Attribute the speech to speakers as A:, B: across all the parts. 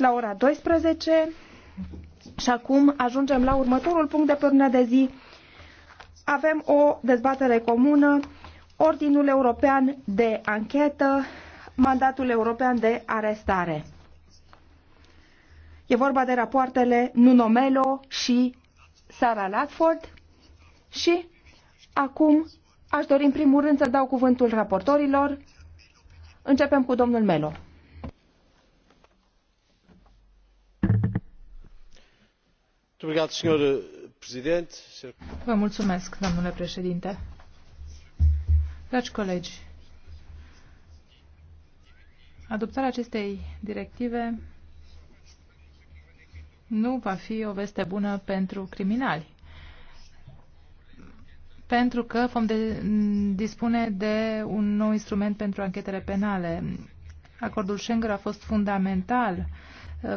A: la ora 12 și acum ajungem la următorul punct de până de zi. Avem o dezbatere comună, Ordinul European de Anchetă, Mandatul European de Arestare. E vorba de rapoartele Nuno Melo și Sara Latford și acum aș dori în primul rând să dau cuvântul raportorilor. Începem cu domnul Melo.
B: Eh,
C: domnule președinte. Dragi colegi, adoptarea acestei directive nu va fi o veste bună pentru criminali, pentru că vom de, dispune de un nou instrument pentru anchetele penale. Acordul Schengen a fost fundamental pentru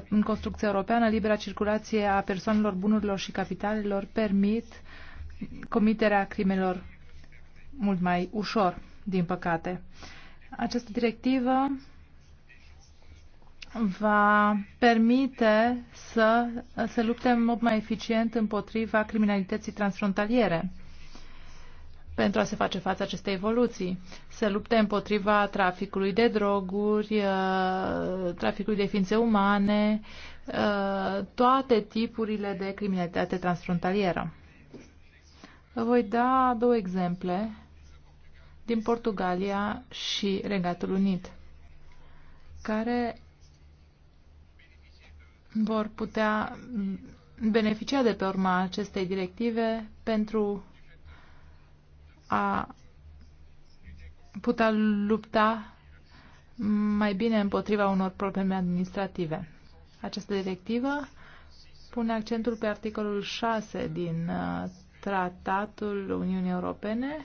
C: în construcția europeană, libera circulație a persoanelor, bunurilor și capitalelor permit comiterea crimelor mult mai ușor, din păcate. Această directivă va permite să se luptăm mult mai eficient împotriva criminalității transfrontaliere pentru a se face față acestei evoluții, să lupte împotriva traficului de droguri, uh, traficului de ființe umane, uh, toate tipurile de criminalitate transfrontalieră. voi da două exemple din Portugalia și Regatul Unit, care vor putea beneficia de pe urma acestei directive pentru a putea lupta mai bine împotriva unor probleme administrative. Această directivă pune accentul pe articolul 6 din uh, Tratatul Uniunii Europene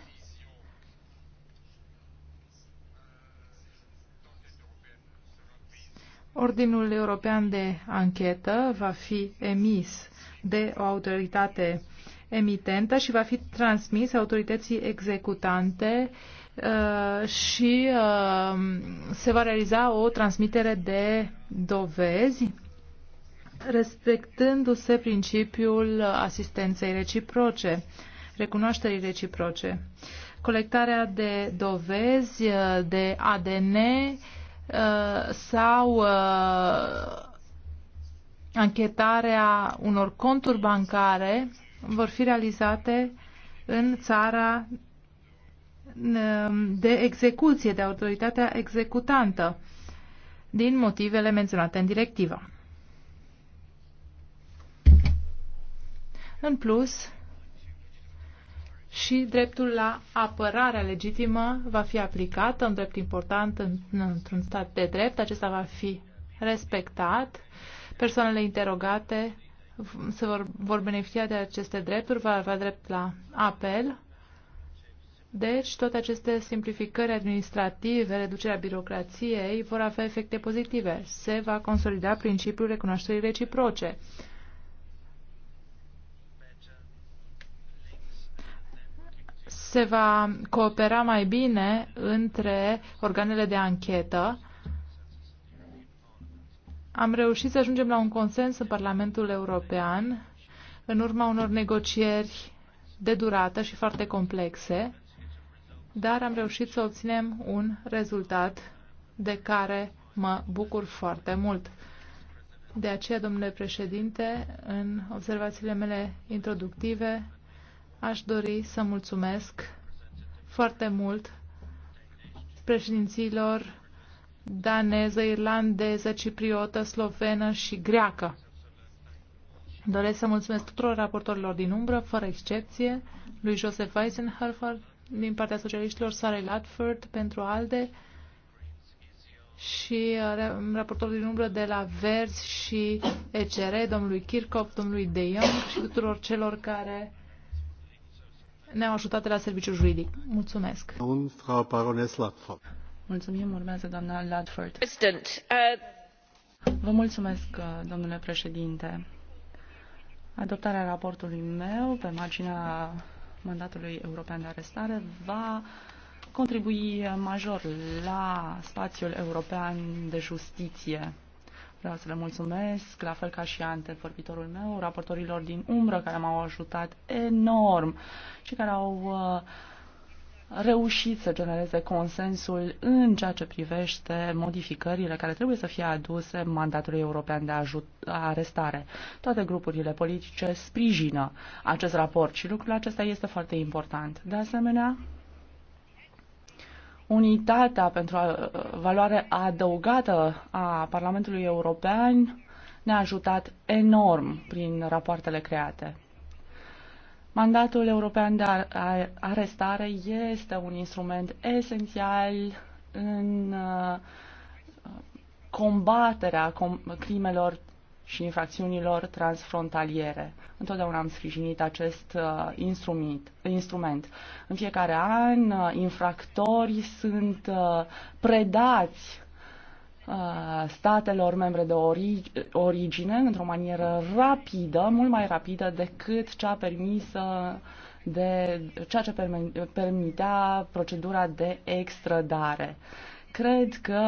C: Ordinul European de Anchetă va fi emis de o autoritate emitentă și va fi transmis autorității executante uh, și uh, se va realiza o transmitere de dovezi respectându-se principiul asistenței reciproce, recunoașterii reciproce. Colectarea de dovezi, uh, de ADN sau anchetarea unor conturi bancare vor fi realizate în țara de execuție, de autoritatea executantă, din motivele menționate în directivă. În plus, și dreptul la apărare legitimă va fi aplicat, un drept important într-un stat de drept, acesta va fi respectat, persoanele interogate se vor, vor beneficia de aceste drepturi, va avea drept la apel. Deci, toate aceste simplificări administrative, reducerea birocrației, vor avea efecte pozitive. Se va consolida principiul recunoașterii reciproce. Se va coopera mai bine între organele de anchetă am reușit să ajungem la un consens în Parlamentul European în urma unor negocieri de durată și foarte complexe, dar am reușit să obținem un rezultat de care mă bucur foarte mult. De aceea, domnule președinte, în observațiile mele introductive, aș dori să mulțumesc foarte mult președinților daneză, irlandeză, cipriotă, slovenă și greacă. Doresc să mulțumesc tuturor raportorilor din umbră, fără excepție, lui Joseph Eisenhofer din partea socialiștilor, Sarah Latford pentru ALDE și uh, raportorul din umbră de la Verzi și ECR, domnului Kirchhoff, domnului De Jong și tuturor celor care
D: ne-au ajutat la serviciul juridic. Mulțumesc!
E: Un, Frau Latford.
D: Mulțumim, urmează doamna uh, Vă mulțumesc, uh, domnule președinte. Adoptarea raportului meu pe marginea mandatului european de arestare va contribui major la spațiul european de justiție. Vreau să le mulțumesc, la fel ca și antevorbitorul meu, raportorilor din umbră care m-au ajutat enorm și care au uh, reușit să genereze consensul în ceea ce privește modificările care trebuie să fie aduse mandatului european de arestare. Toate grupurile politice sprijină acest raport și lucrul acesta este foarte important. De asemenea, unitatea pentru uh, valoare adăugată a Parlamentului European ne-a ajutat enorm prin rapoartele create. Mandatul european de arestare este un instrument esențial în uh, combaterea crimelor și infracțiunilor transfrontaliere. Întotdeauna am sprijinit acest uh, instrument. În fiecare an, uh, infractorii sunt predați Uh, statelor membre de origine într-o manieră rapidă, mult mai rapidă decât cea permisă de ceea ce permitea procedura de extradare. Cred că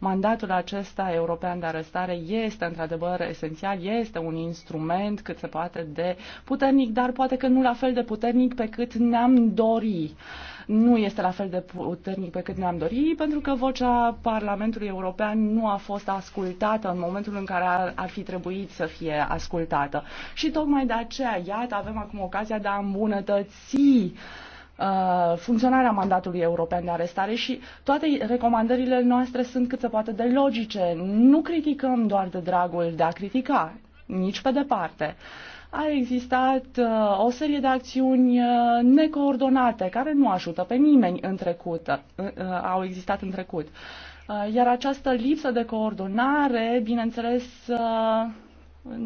D: mandatul acesta european de arestare este într-adevăr esențial, este un instrument cât se poate de puternic, dar poate că nu la fel de puternic pe cât ne-am dori. Uh, nu este la fel de puternic pe cât ne-am dorit, pentru că vocea Parlamentului European nu a fost ascultată în momentul în care ar, ar fi trebuit să fie ascultată. Și tocmai de aceea, iată, avem acum ocazia de a îmbunătăți uh, funcționarea mandatului european de arestare și toate recomandările noastre sunt cât se poate de logice. Nu criticăm doar de dragul de a critica, nici pe departe. Uh, a existat uh, o serie de acțiuni uh, necoordonate care nu ajută pe nimeni în trecut, uh, au existat în trecut. Iar această lipsă de coordonare, bineînțeles,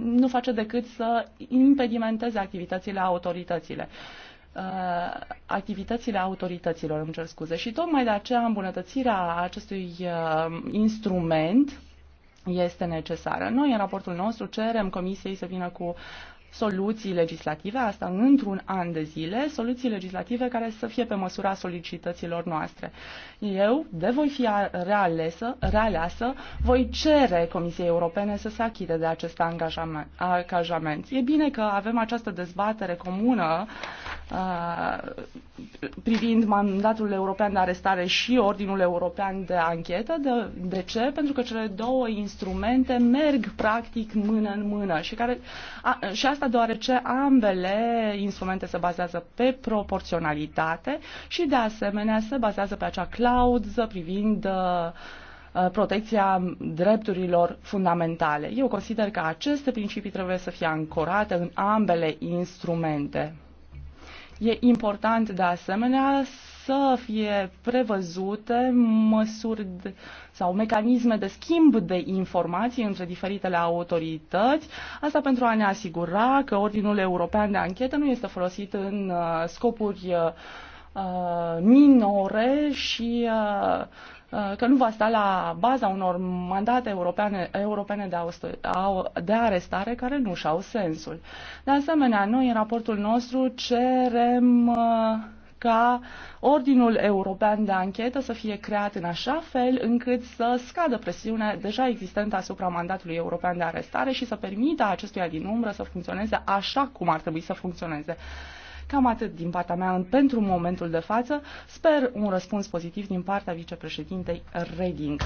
D: nu face decât să impedimenteze activitățile autorităților, activitățile autorităților, îmi cer scuze. Și tocmai de aceea îmbunătățirea acestui instrument este necesară. Noi, în raportul nostru, cerem Comisiei să vină cu soluții legislative, asta într-un an de zile, soluții legislative care să fie pe măsura solicităților noastre. Eu, de voi fi realesă, realeasă, voi cere Comisiei Europene să se achite de acest angajament. E bine că avem această dezbatere comună uh, privind mandatul european de arestare și Ordinul European de Anchetă. De, de ce? Pentru că cele două instrumente merg practic mână în mână și, care, a, și asta Asta deoarece ambele instrumente se bazează pe proporționalitate și de asemenea se bazează pe acea clauză privind uh, protecția drepturilor fundamentale. Eu consider că aceste principii trebuie să fie ancorate în ambele instrumente. E important de asemenea să fie prevăzute măsuri sau mecanisme de schimb de informații între diferitele autorități, asta pentru a ne asigura că Ordinul European de Anchetă nu este folosit în uh, scopuri uh, uh, minore și că nu va sta la baza unor mandate europeane, europene de, de arestare care nu și-au sensul. De asemenea, noi în raportul nostru cerem ca Ordinul European de Anchetă să fie creat în așa fel încât să scadă presiunea deja existentă asupra mandatului european de arestare și să permită acestuia din umbră să funcționeze așa cum ar trebui să funcționeze. Cam atât din partea mea pentru momentul de față. Sper un răspuns pozitiv din partea vicepreședintei Reding.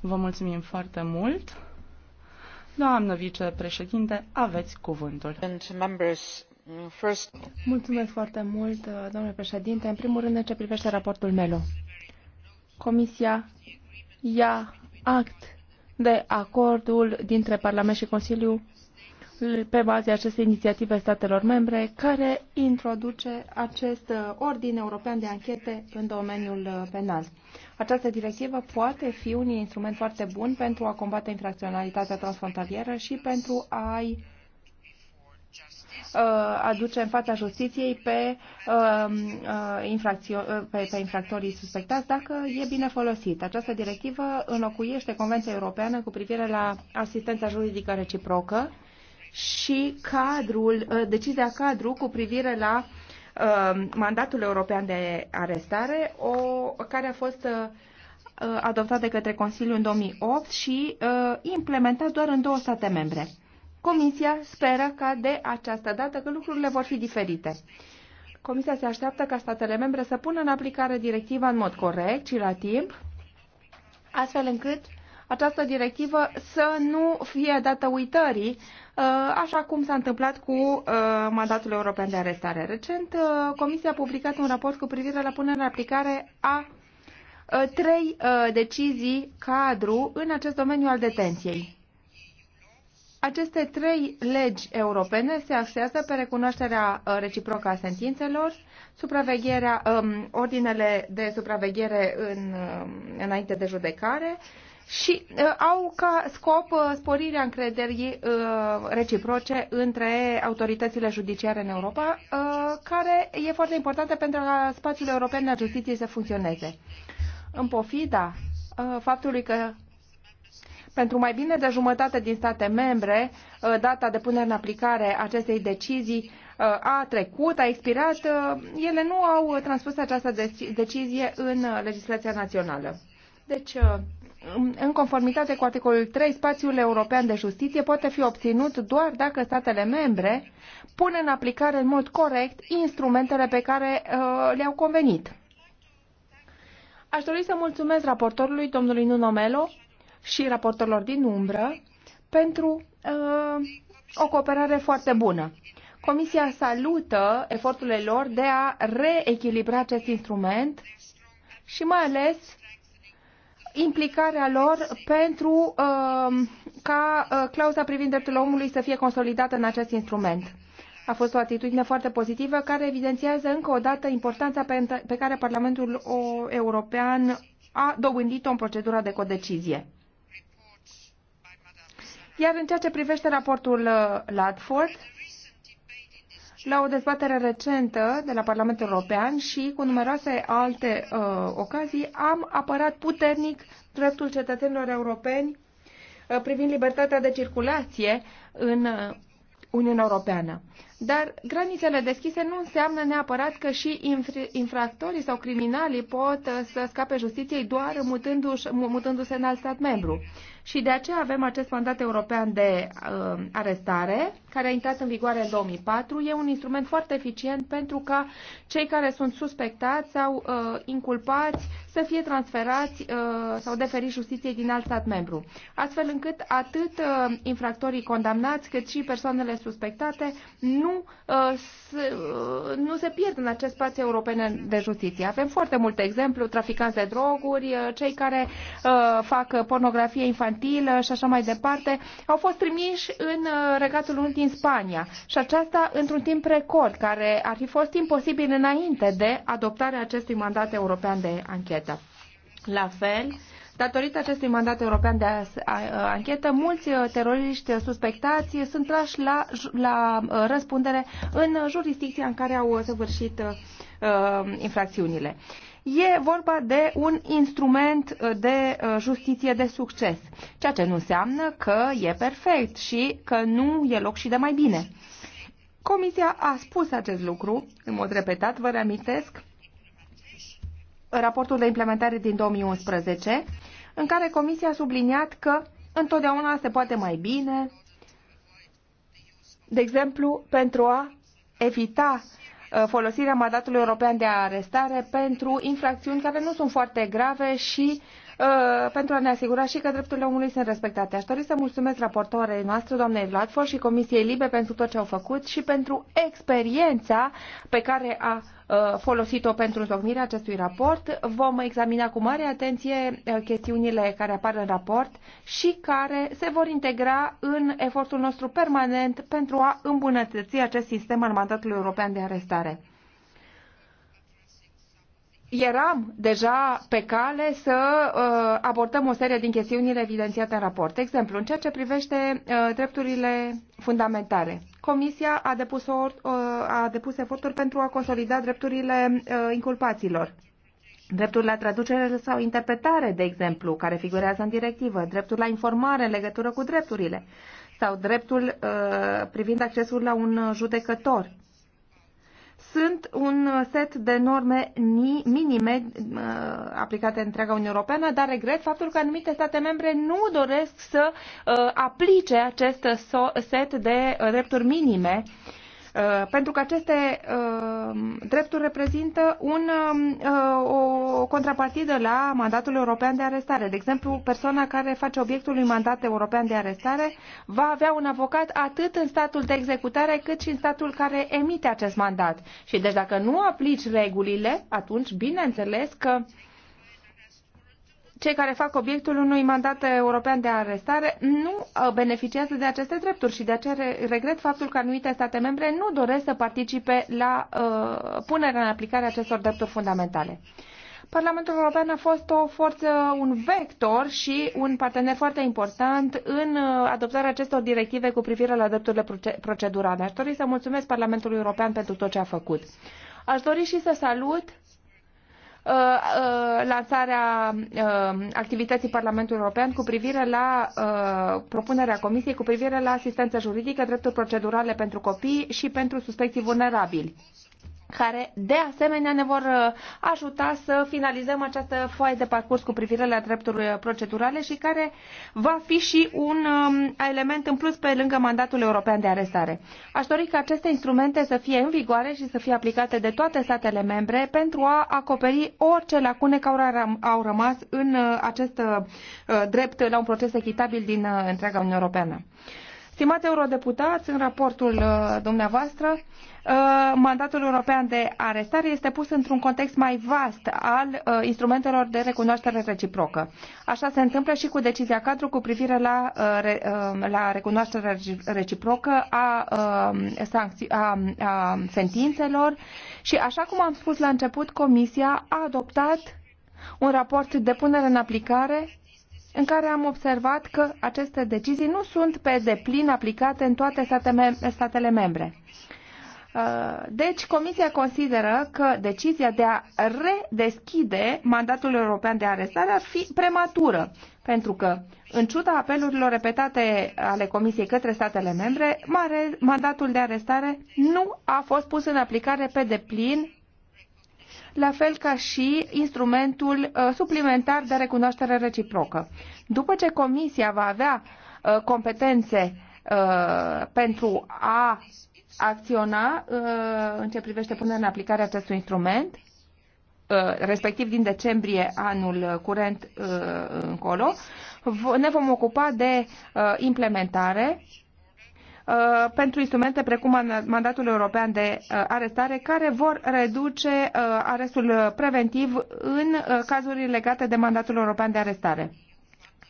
D: Vă mulțumim foarte mult. Doamnă vicepreședinte, aveți cuvântul.
A: Mulțumesc foarte mult, uh, domnule președinte. În primul rând, în ce privește raportul Melo. Comisia ia act de acordul dintre Parlament și Consiliu pe baza acestei inițiative statelor membre care introduce acest uh, ordin european de anchete în domeniul uh, penal. Această directivă poate fi un instrument foarte bun pentru a combate infracționalitatea transfrontalieră și pentru a-i Uh, aduce în fața justiției pe, um, uh, uh, pe, pe infractorii suspectați dacă e bine folosit. Această directivă înlocuiește Convenția Europeană cu privire la asistența juridică reciprocă și cadrul, decizia cadru cu privire la mandatul european de arestare, o, care a fost adoptat de către Consiliu în 2008 și implementat doar în două state membre. Comisia speră ca de această dată că lucrurile vor fi diferite. Comisia se așteaptă ca statele membre să pună în aplicare directiva în mod corect și la timp, astfel încât această directivă să nu fie dată uitării, uh, așa cum s-a întâmplat cu uh, mandatul european de arestare. Recent, uh, Comisia a publicat un raport cu privire la punerea în aplicare a trei decizii cadru în acest domeniu al detenției. Aceste trei legi europene se axează pe recunoașterea uh, reciprocă a sentințelor, supravegherea, um, ordinele de supraveghere în, um, înainte de judecare și uh, au ca scop uh, sporirea încrederii uh, reciproce între autoritățile judiciare în Europa, uh, care e foarte importantă pentru ca spațiul european al justiției să funcționeze. În pofida uh, faptului că pentru mai bine de jumătate din state membre, uh, data de punere în aplicare acestei decizii uh, a trecut, a expirat, uh, ele nu au transpus această deci-, decizie în legislația națională. Deci, în conformitate cu articolul 3, spațiul european de justiție poate fi obținut doar dacă statele membre pun în aplicare în mod corect instrumentele pe care uh, le-au convenit. Aș dori să mulțumesc raportorului, domnului Nuno Melo, și raportorilor din umbră pentru uh, o cooperare foarte bună. Comisia salută eforturile lor de a reechilibra acest instrument și mai ales implicarea lor pentru uh, ca uh, clauza privind dreptul omului să fie consolidată în acest instrument. A fost o atitudine foarte pozitivă care evidențiază încă o dată importanța pe care Parlamentul European a dobândit-o în procedura de codecizie. Iar în ceea ce privește raportul uh, Ladford, la o dezbatere recentă de la Parlamentul European și cu numeroase alte uh, ocazii, am apărat puternic dreptul cetățenilor europeni uh, privind libertatea de circulație în uh, Uniunea Europeană. Dar granițele deschise nu înseamnă neapărat că și infractorii sau criminalii pot uh, să scape justiției doar mutându-se, mutându în alt stat membru. Și de aceea avem acest mandat european de uh, arestare, care a intrat în vigoare în 2004. E un instrument foarte eficient pentru ca cei care sunt suspectați sau uh, inculpați să fie transferați uh, sau deferiți justiției din alt stat membru. Astfel încât atât uh, infractorii condamnați cât și persoanele suspectate nu Uh, uh, nu, se pierd în acest spațiu european de justiție. Avem foarte multe exemple, traficanți de droguri, uh, cei care fac pornografie infantilă și așa mai departe, au fost trimiși în Regatul Unit din Spania și aceasta într-un timp record, care ar fi fost imposibil înainte de adoptarea acestui mandat european de anchetă. La fel, Datorită acestui mandat european de anchetă, mulți uh, teroriști suspectați sunt trași la, la uh, răspundere în jurisdicția în care au uh, săvârșit uh, infracțiunile. E vorba de un instrument de justiție de succes, ceea ce nu înseamnă că e perfect și că nu e loc și de mai bine. Comisia a spus acest lucru, în mod repetat, vă reamintesc, raportul de implementare din 2011 în care Comisia a subliniat că întotdeauna se poate mai bine, de exemplu, pentru a evita uh, folosirea mandatului european de arestare pentru infracțiuni care nu sunt foarte grave și Uh, pentru a ne asigura și că drepturile omului sunt respectate. Aș dori să mulțumesc raportoarei noastre, doamnei Vladfor și Comisiei Libe pentru tot ce au făcut și pentru experiența pe care a uh, folosit-o pentru întocmirea acestui raport. Vom examina cu mare atenție uh, chestiunile care apar în raport și care se vor integra în efortul nostru permanent pentru a îmbunătăți acest sistem al mandatului european de arestare eram deja pe cale să uh, abordăm o serie din chestiunile evidențiate în raport. exemplu, în ceea ce privește uh, drepturile fundamentale, Comisia a depus, or, uh, a depus eforturi pentru a consolida drepturile uh, inculpaților. Dreptul la traducere sau interpretare, de exemplu, care figurează în directivă, dreptul la informare în legătură cu drepturile sau dreptul uh, privind accesul la un judecător sunt un set de norme minime uh, aplicate în întreaga Uniune Europeană, dar regret faptul că anumite state membre nu doresc să uh, aplice acest set de uh, drepturi minime Uh, pentru că aceste uh, drepturi reprezintă un, uh, o contrapartidă la mandatul european de arestare. De exemplu, persoana care face obiectul unui mandat european de arestare va avea un avocat atât în statul de executare cât și în statul care emite acest mandat. Și deci dacă nu aplici regulile, atunci bineînțeles că uh, cei care fac obiectul unui mandat european de arestare nu uh, beneficiază de aceste drepturi și de aceea regret faptul că anumite state membre nu doresc să participe la uh, punerea în aplicare acestor drepturi fundamentale. Parlamentul European a fost o forță, un vector și un partener foarte important în uh, adoptarea acestor directive cu privire la drepturile procedurale. Aș dori să mulțumesc Parlamentului European pentru tot ce a făcut. Aș dori și să salut Uh, uh, lansarea uh, activității Parlamentului European cu privire la propunerea Comisiei cu privire la asistență juridică, drepturi procedurale pentru copii și pentru suspecții vulnerabili care de asemenea ne vor uh, ajuta să finalizăm această foaie de parcurs cu privire la drepturi uh, procedurale și care va fi și un um, element în plus pe lângă mandatul european de arestare. Aș dori ca aceste instrumente să fie în vigoare și să fie aplicate de toate statele membre pentru a acoperi orice lacune care au rămas în uh, acest drept la un proces echitabil din întreaga Uniune Europeană. Stimați eurodeputați, în raportul dumneavoastră, Uh, mandatul european de arestare este pus într-un context mai vast al uh, instrumentelor de recunoaștere reciprocă. Așa se întâmplă și cu decizia cadru cu privire la, uh, la recunoașterea reciprocă a, um, sancți- a, a sentințelor și așa cum am spus la început, Comisia a adoptat un raport de punere în aplicare în care am observat că aceste decizii nu sunt pe deplin aplicate în toate statele membre Uh, deci, Comisia consideră că decizia de a redeschide mandatul european de arestare ar fi prematură, pentru că, în ciuda apelurilor repetate ale Comisiei către statele membre, mandatul de arestare nu a fost pus în aplicare pe deplin la fel ca și instrumentul uh, suplimentar de recunoaștere reciprocă. După ce Comisia va avea uh, competențe pentru a acționa uh, în ce privește punerea în aplicare acestui instrument, uh, respectiv din decembrie anul curent uh, încolo. Ne vom ocupa de implementare pentru instrumente precum mandatul european de arestare, care vor reduce arestul preventiv în cazuri legate de mandatul european de arestare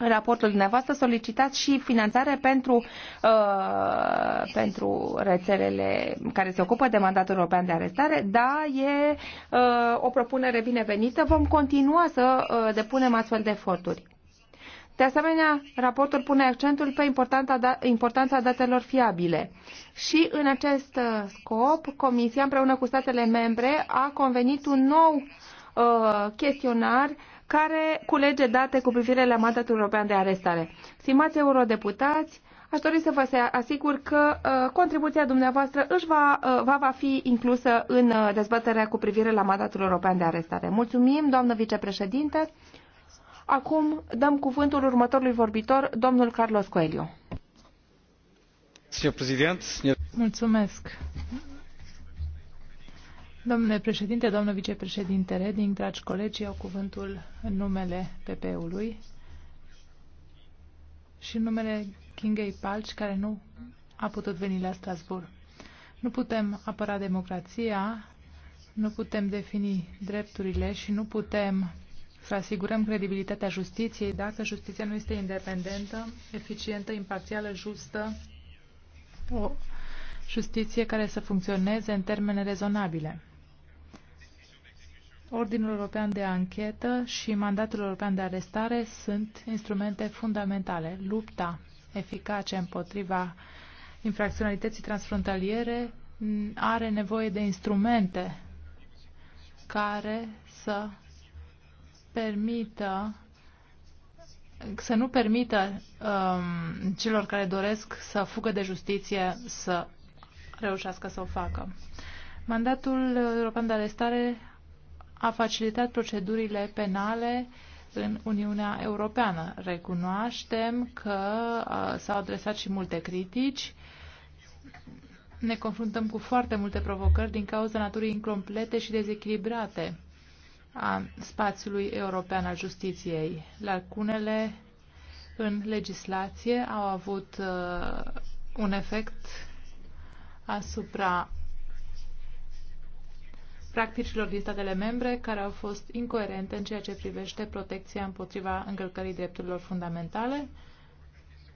A: raportul dumneavoastră solicitați și finanțare pentru, uh, pentru rețelele care se ocupă de mandatul european de arestare. Da, e uh, o propunere binevenită. Vom continua să uh, depunem astfel de eforturi. De asemenea, raportul pune accentul pe da, importanța datelor fiabile. Și în acest uh, scop, Comisia împreună cu statele membre a convenit un nou uh, chestionar uh, care culege date cu privire la mandatul european de arestare. Stimați eurodeputați, aș dori să vă asigur că uh, contribuția dumneavoastră își va, uh, va, va fi inclusă în uh, dezbaterea cu privire la mandatul european de arestare. Mulțumim, doamnă vicepreședinte. Acum dăm cuvântul următorului vorbitor, domnul Carlos Coelho. Mulțumesc,
C: Domnule președinte, domnule vicepreședinte Reding, dragi colegi, iau cuvântul în numele PP-ului și în numele Kingei Palci, care nu a putut veni la Strasbourg. Nu putem apăra democrația, nu putem defini drepturile și nu putem să asigurăm credibilitatea justiției dacă justiția nu este independentă, eficientă, imparțială, justă, o justiție care să funcționeze în termene rezonabile. Ordinul European de Anchetă și Mandatul European de Arestare sunt instrumente fundamentale. Lupta eficace împotriva infracționalității transfrontaliere are nevoie de instrumente care să permită să nu permită um, celor care doresc să fugă de justiție să reușească să o facă. Mandatul european de arestare a facilitat procedurile penale în Uniunea Europeană. Recunoaștem că s-au adresat și multe critici. Ne confruntăm cu foarte multe provocări din cauza naturii incomplete și dezechilibrate a spațiului european al justiției. Lacunele în legislație au avut un efect asupra practicilor din statele membre care au fost incoerente în ceea ce privește protecția împotriva încălcării drepturilor fundamentale,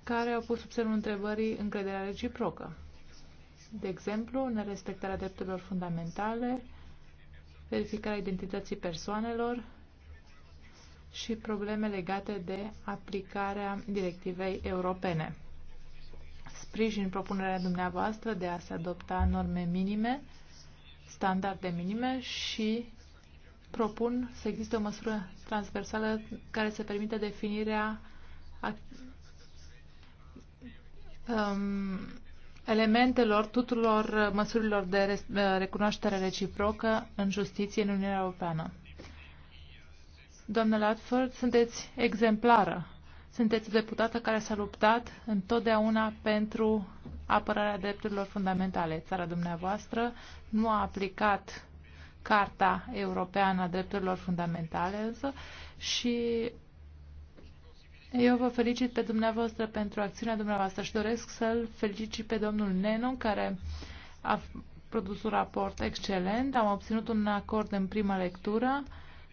C: care au pus sub semnul întrebării încrederea reciprocă. De exemplu, nerespectarea drepturilor fundamentale, verificarea identității persoanelor și probleme legate de aplicarea directivei europene. Sprijin propunerea dumneavoastră de a se adopta norme minime standarde minime și propun să existe o măsură transversală care să permită definirea um, elementelor tuturor măsurilor de recunoaștere reciprocă în justiție în Uniunea Europeană. Doamnă Latford, sunteți exemplară sunteți deputată care s-a luptat întotdeauna pentru apărarea drepturilor fundamentale. Țara dumneavoastră nu a aplicat Carta Europeană a Drepturilor Fundamentale însă și eu vă felicit pe dumneavoastră pentru acțiunea dumneavoastră și doresc să-l felicit și pe domnul Nenon care a produs un raport excelent. Am obținut un acord în prima lectură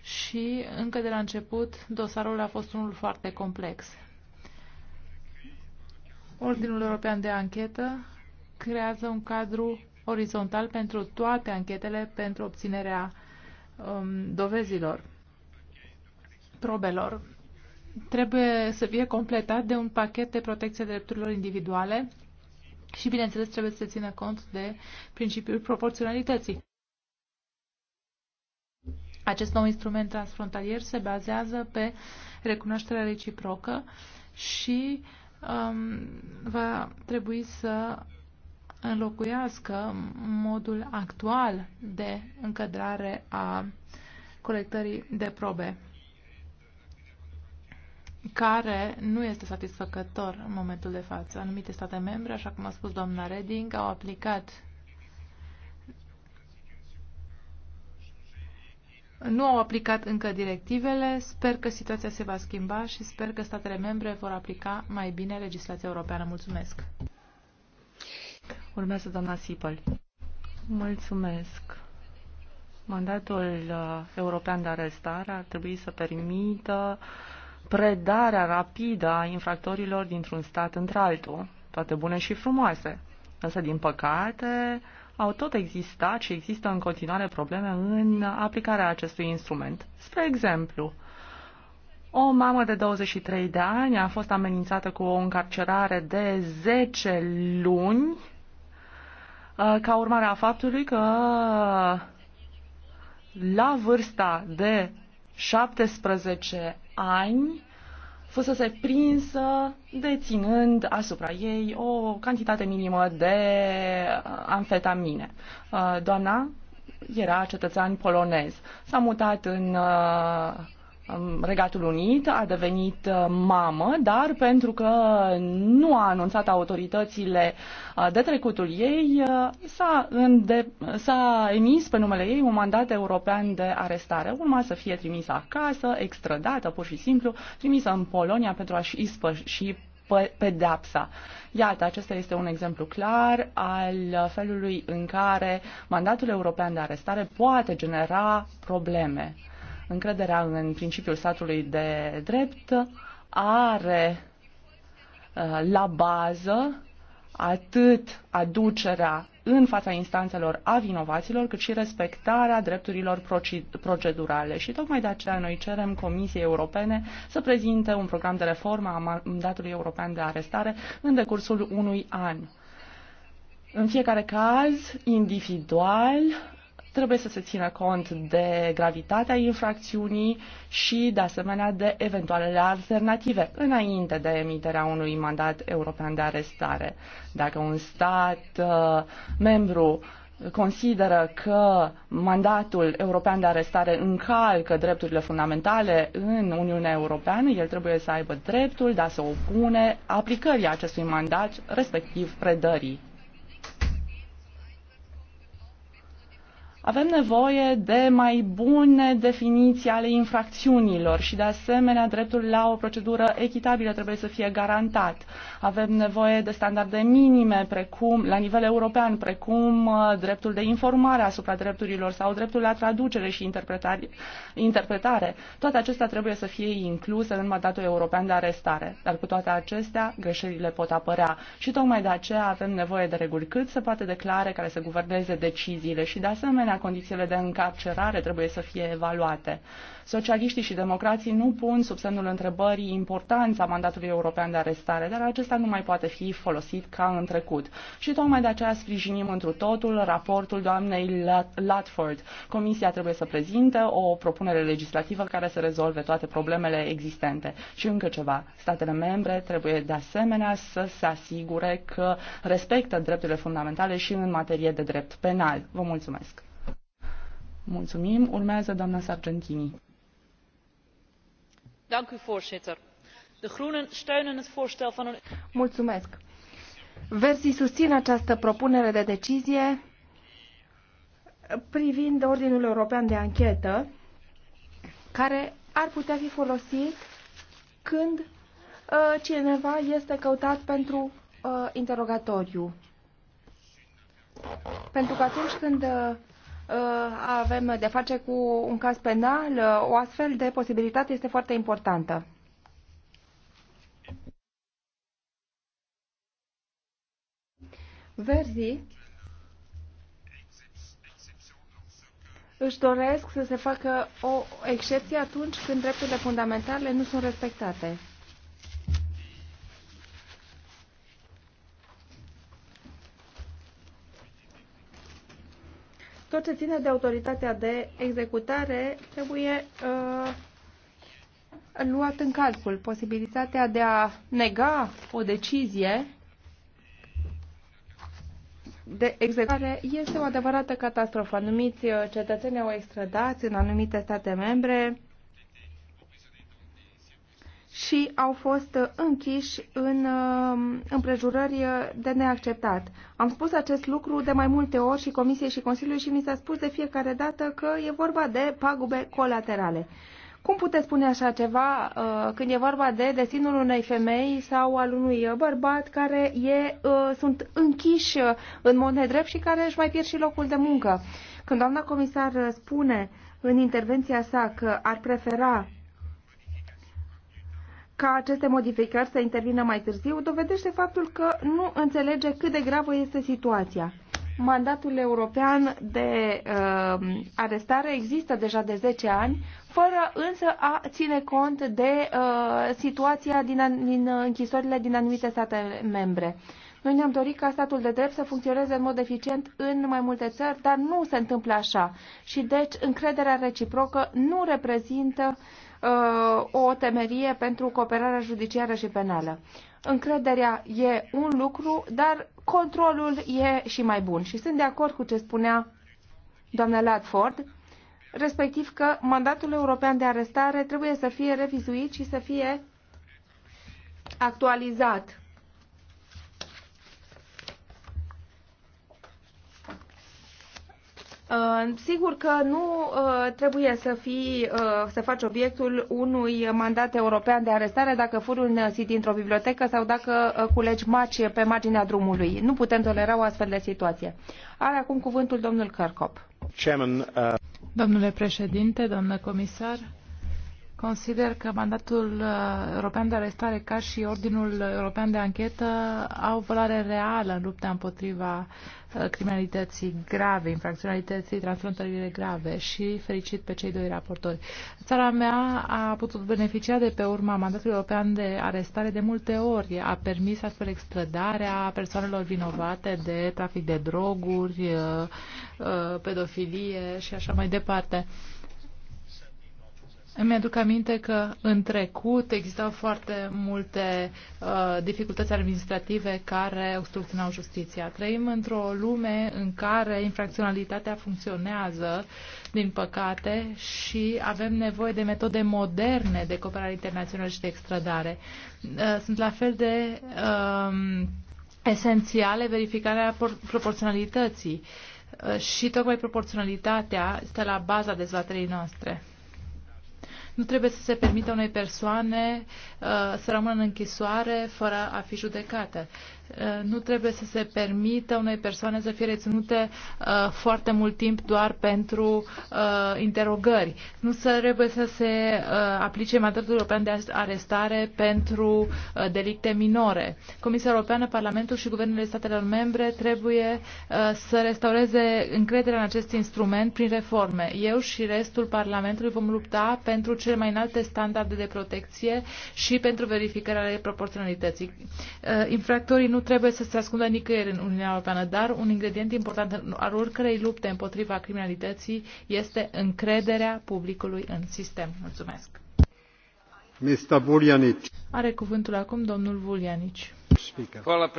C: și încă de la început dosarul a fost unul foarte complex. Ordinul European de Anchetă creează un cadru orizontal pentru toate anchetele pentru obținerea um, dovezilor, probelor. Trebuie să fie completat de un pachet de protecție drepturilor individuale și, bineînțeles, trebuie să se țină cont de principiul proporționalității. Acest nou instrument transfrontalier se bazează pe recunoașterea reciprocă și um, va trebui să înlocuiască modul actual de încadrare a colectării de probe, care nu este satisfăcător în momentul de față. Anumite state membre, așa cum a spus doamna Reding, au aplicat nu au aplicat încă directivele. Sper că situația se va schimba și sper că statele membre vor aplica mai bine legislația europeană.
D: Mulțumesc! Urmează doamna Sipăl. Mulțumesc! Mandatul uh, european de arestare ar trebui să permită predarea rapidă a infractorilor dintr-un stat într-altul. Toate bune și frumoase. Însă, din păcate, uh, au tot existat și există în continuare probleme în aplicarea acestui instrument. Spre exemplu, o mamă de 23 de ani a fost amenințată cu o încarcerare de 10 luni uh, ca urmare a faptului că la vârsta de 17 ani fusese prinsă deținând asupra ei o cantitate minimă de uh, amfetamine. Uh, doamna era cetățean polonez. S-a mutat în uh, Regatul Unit a devenit uh, mamă, dar pentru că nu a anunțat autoritățile uh, de trecutul ei, uh, s-a, înde- s-a emis pe numele ei un mandat european de arestare. Urma să fie trimisă acasă, extradată pur și simplu, trimisă în Polonia pentru a-și ispăși pedepsa. Iată, acesta este un exemplu clar al felului în care mandatul european de arestare poate genera probleme încrederea în principiul statului de drept are uh, la bază atât aducerea în fața instanțelor a vinovaților, cât și respectarea drepturilor procedurale. Și tocmai de aceea noi cerem Comisiei Europene să prezinte un program de reformă a mandatului european de arestare în decursul unui an. În fiecare caz, individual, Trebuie să se țină cont de gravitatea infracțiunii și, de asemenea, de eventualele alternative înainte de emiterea unui mandat european de arestare. Dacă un stat uh, membru consideră că mandatul european de arestare încalcă drepturile fundamentale în Uniunea Europeană, el trebuie să aibă dreptul de a se opune aplicării acestui mandat, respectiv predării Avem nevoie de mai bune definiții ale infracțiunilor și, de asemenea, dreptul la o procedură echitabilă trebuie să fie garantat. Avem nevoie de standarde minime precum, la nivel european, precum uh, dreptul de informare asupra drepturilor sau dreptul la traducere și interpretare. Toate acestea trebuie să fie incluse în mandatul european de arestare. Dar cu toate acestea, greșelile pot apărea. Și tocmai de aceea avem nevoie de reguli cât se poate declare care să guverneze deciziile și, de asemenea, asemenea, condițiile de încarcerare trebuie să fie evaluate. Socialiștii și democrații nu pun sub semnul întrebării importanța mandatului european de arestare, dar acesta nu mai poate fi folosit ca în trecut. Și tocmai de aceea sprijinim întru totul raportul doamnei Latford. Comisia trebuie să prezinte o propunere legislativă care să rezolve toate problemele existente. Și încă ceva, statele membre trebuie de asemenea să se asigure că respectă drepturile fundamentale și în materie de drept penal. Vă mulțumesc! Mulțumim. Urmează doamna Sargentini voorzitter de groenen steunen het voorstel van een.
A: mulțumesc. verzii susțin această propunere de decizie privind ordinul european de anchetă care ar putea fi folosit când uh, cineva este căutat pentru uh, interogatoriu. Pentru că atunci când uh, Uh, avem de face cu un caz penal, uh, o astfel de posibilitate este foarte importantă. Verzi, își doresc să se facă o excepție atunci când drepturile fundamentale nu sunt respectate. Tot ce ține de autoritatea de executare trebuie uh, luat în calcul. Posibilitatea de a nega o decizie de executare este o adevărată catastrofă. Anumiți uh, cetățeni au extradați în anumite state membre, și au fost uh, închiși în uh, împrejurări uh, de neacceptat. Am spus acest lucru de mai multe ori și Comisiei și Consiliului și mi s-a spus de fiecare dată că e vorba de pagube colaterale. Cum puteți spune așa ceva când e vorba de destinul unei femei sau al unui bărbat care e, sunt închiși în mod nedrept și care își mai pierd și locul de muncă? Când doamna comisar spune în intervenția sa că ar prefera ca aceste modificări să intervină mai târziu dovedește faptul că nu înțelege cât de gravă este situația. Mandatul european de uh, arestare există deja de 10 ani, fără însă a ține cont de uh, situația din, din închisorile din anumite state membre. Noi ne-am dorit ca statul de drept să funcționeze în mod eficient în mai multe țări, dar nu se întâmplă așa. Și deci încrederea reciprocă nu reprezintă uh, Uh, o temerie pentru cooperarea judiciară și penală. Încrederea e un lucru, dar controlul e și mai bun. Și sunt de acord cu ce spunea doamna Latford, respectiv că mandatul european de arestare trebuie să fie revizuit și să fie actualizat Uh, sigur că nu uh, trebuie să, fii, uh, să faci obiectul unui mandat european de arestare dacă furi un CD într-o bibliotecă sau dacă culegi maci pe marginea drumului. Nu putem tolera o astfel de situație. Are acum cuvântul domnul Cărcop. Domnule președinte, domnule comisar,
C: Consider că mandatul uh, european de arestare ca și Ordinul European de Anchetă au valoare reală în lupta împotriva uh, criminalității grave, infracționalității transfrontaliere grave și fericit pe cei doi raportori. Țara mea a putut beneficia de pe urma mandatului european de arestare de multe ori. A permis astfel extrădarea persoanelor vinovate de trafic de droguri, uh, pedofilie și așa mai departe. Îmi aduc aminte că în trecut existau foarte multe uh, dificultăți administrative care obstrucționau justiția. Trăim într-o lume în care infracționalitatea funcționează, din păcate, și avem nevoie de metode moderne de cooperare internațională și de extradare. Uh, sunt la fel de uh, esențiale verificarea proporționalității uh, și tocmai proporționalitatea este la baza dezbaterii noastre. Nu trebuie să se permită unei persoane uh, să rămână în închisoare fără a fi judecată. Uh, nu trebuie să se permită unei persoane să fie reținute uh, foarte mult timp doar pentru uh, interogări. Nu să trebuie să se aplice mandatul european de arestare pentru delicte minore. Comisia Europeană, Parlamentul și Guvernele statelor membre trebuie să restaureze încrederea în acest instrument prin reforme. Eu și restul Parlamentului vom lupta pentru cele mai înalte standarde de protecție și pentru verificarea proporționalității. Infractorii nu trebuie să se ascundă nicăieri în Uniunea Europeană, dar un ingredient important al oricărei lupte împotriva criminalității este încrederea publicului în sistem. Mulțumesc!
B: Mr. Vuljanic.
C: Are cuvântul acum domnul Vuljanic.
B: Hvala,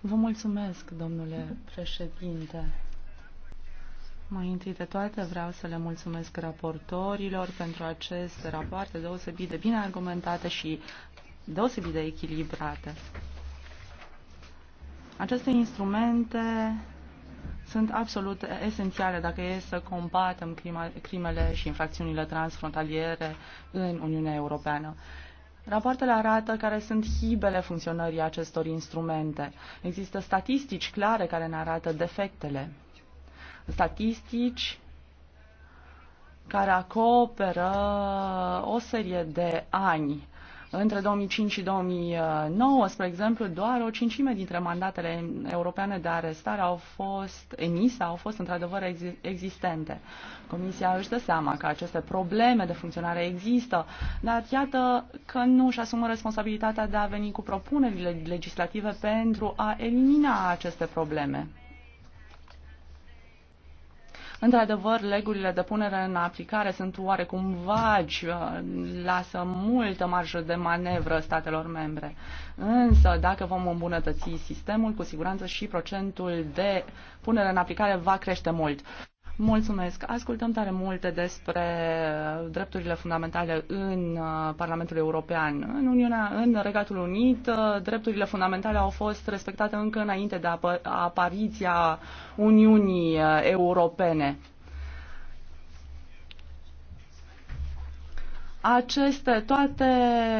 D: Vă mulțumesc, domnule președinte. Mai întâi de toate vreau să le mulțumesc raportorilor pentru aceste rapoarte deosebit de bine argumentate și deosebit de echilibrate. Aceste instrumente sunt absolut esențiale dacă e să combatem crimele și infracțiunile transfrontaliere în Uniunea Europeană. Rapoartele arată care sunt hibele funcționării acestor instrumente. Există statistici clare care ne arată defectele. Statistici care acoperă o serie de ani între 2005 și 2009, spre exemplu, doar o cincime dintre mandatele europene de arestare au fost emise, au fost într-adevăr ex existente. Comisia își dă seama că aceste probleme de funcționare există, dar iată că nu își asumă responsabilitatea de a veni cu propunerile legislative pentru a elimina aceste probleme. Într-adevăr, legurile de punere în aplicare sunt oarecum vagi, uh, lasă multă marjă de manevră statelor membre. Însă, dacă vom îmbunătăți sistemul, cu siguranță și procentul de punere în aplicare va crește mult. Mulțumesc. Ascultăm tare multe despre drepturile fundamentale în uh, Parlamentul European. În Uniunea, în Regatul Unit, uh, drepturile fundamentale au fost respectate încă înainte de apariția Uniunii uh, Europene. aceste, toate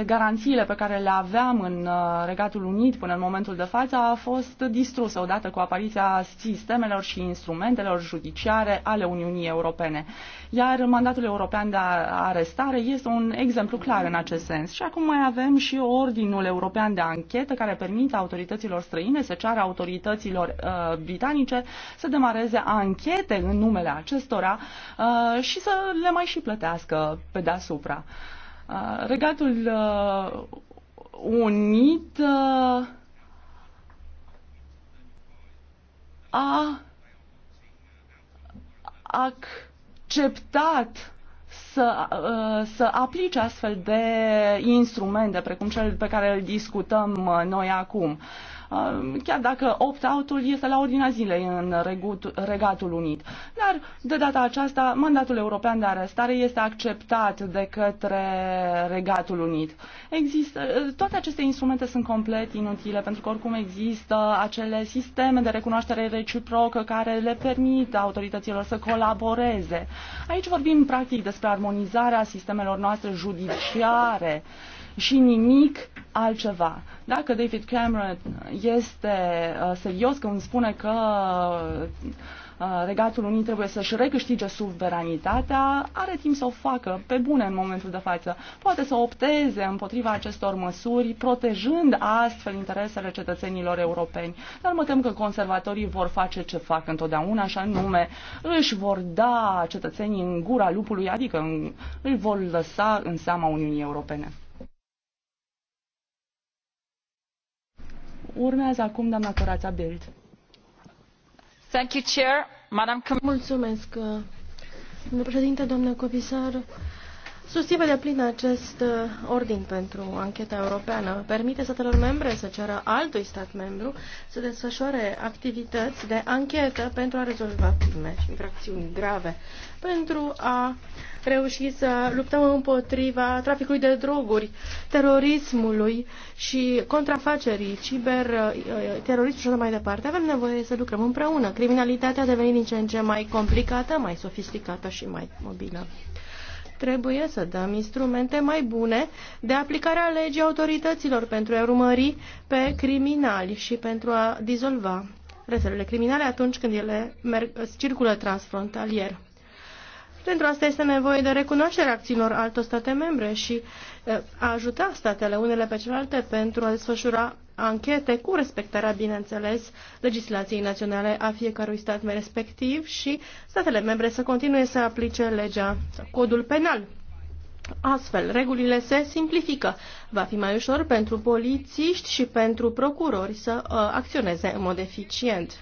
D: garanțiile pe care le aveam în uh, Regatul Unit până în momentul de față au fost distruse odată cu apariția sistemelor și instrumentelor judiciare ale Uniunii Europene iar mandatul european de arestare este un exemplu clar în acest sens. Și acum mai avem și Ordinul European de Anchetă care permite autorităților străine să ceară autorităților uh, britanice să demareze anchete în numele acestora uh, și să le mai și plătească pe deasupra. Uh, Regatul uh, Unit uh, a ac acceptat să, uh, să aplice astfel de instrumente precum cel pe care îl discutăm uh, noi acum chiar dacă opt-out-ul este la ordinea zilei în Regatul Unit. Dar, de data aceasta, mandatul european de arestare este acceptat de către Regatul Unit. Există, toate aceste instrumente sunt complet inutile, pentru că oricum există acele sisteme de recunoaștere reciprocă care le permit autorităților să colaboreze. Aici vorbim, practic, despre armonizarea sistemelor noastre judiciare și nimic altceva. Dacă David Cameron este uh, serios când spune că uh, Regatul Unit trebuie să-și recâștige suveranitatea, are timp să o facă pe bune în momentul de față. Poate să opteze împotriva acestor măsuri, protejând astfel interesele cetățenilor europeni. Dar mă tem că conservatorii vor face ce fac întotdeauna, așa nume, își vor da cetățenii în gura lupului, adică îi vor lăsa în seama Uniunii Europene. Urmează acum doamna Corața Bild. Thank
B: you, Chair. Madam... Mulțumesc, uh, președinte, doamnă comisar, Susțin de plin acest uh, ordin pentru ancheta europeană. Permite statelor membre să ceară altui stat membru să desfășoare activități de anchetă pentru a rezolva crime și infracțiuni grave, pentru a reuși să luptăm împotriva traficului de droguri, terorismului și contrafacerii, ciberterorismul uh, și așa mai departe. Avem nevoie să lucrăm împreună. Criminalitatea a devenit din ce în ce mai complicată, mai sofisticată și mai mobilă trebuie să dăm instrumente mai bune de aplicare a legii autorităților pentru a urmări pe criminali și pentru a dizolva rețelele criminale atunci când ele merg, circulă transfrontalier. Pentru asta este nevoie de recunoașterea acțiunilor altor state membre și eh, a ajuta statele unele pe celelalte pentru a desfășura anchete cu respectarea, bineînțeles, legislației naționale a fiecărui stat respectiv și statele membre să continue să aplice legea, codul penal. Astfel, regulile se simplifică. Va fi mai ușor pentru polițiști și pentru procurori să uh, acționeze în mod eficient.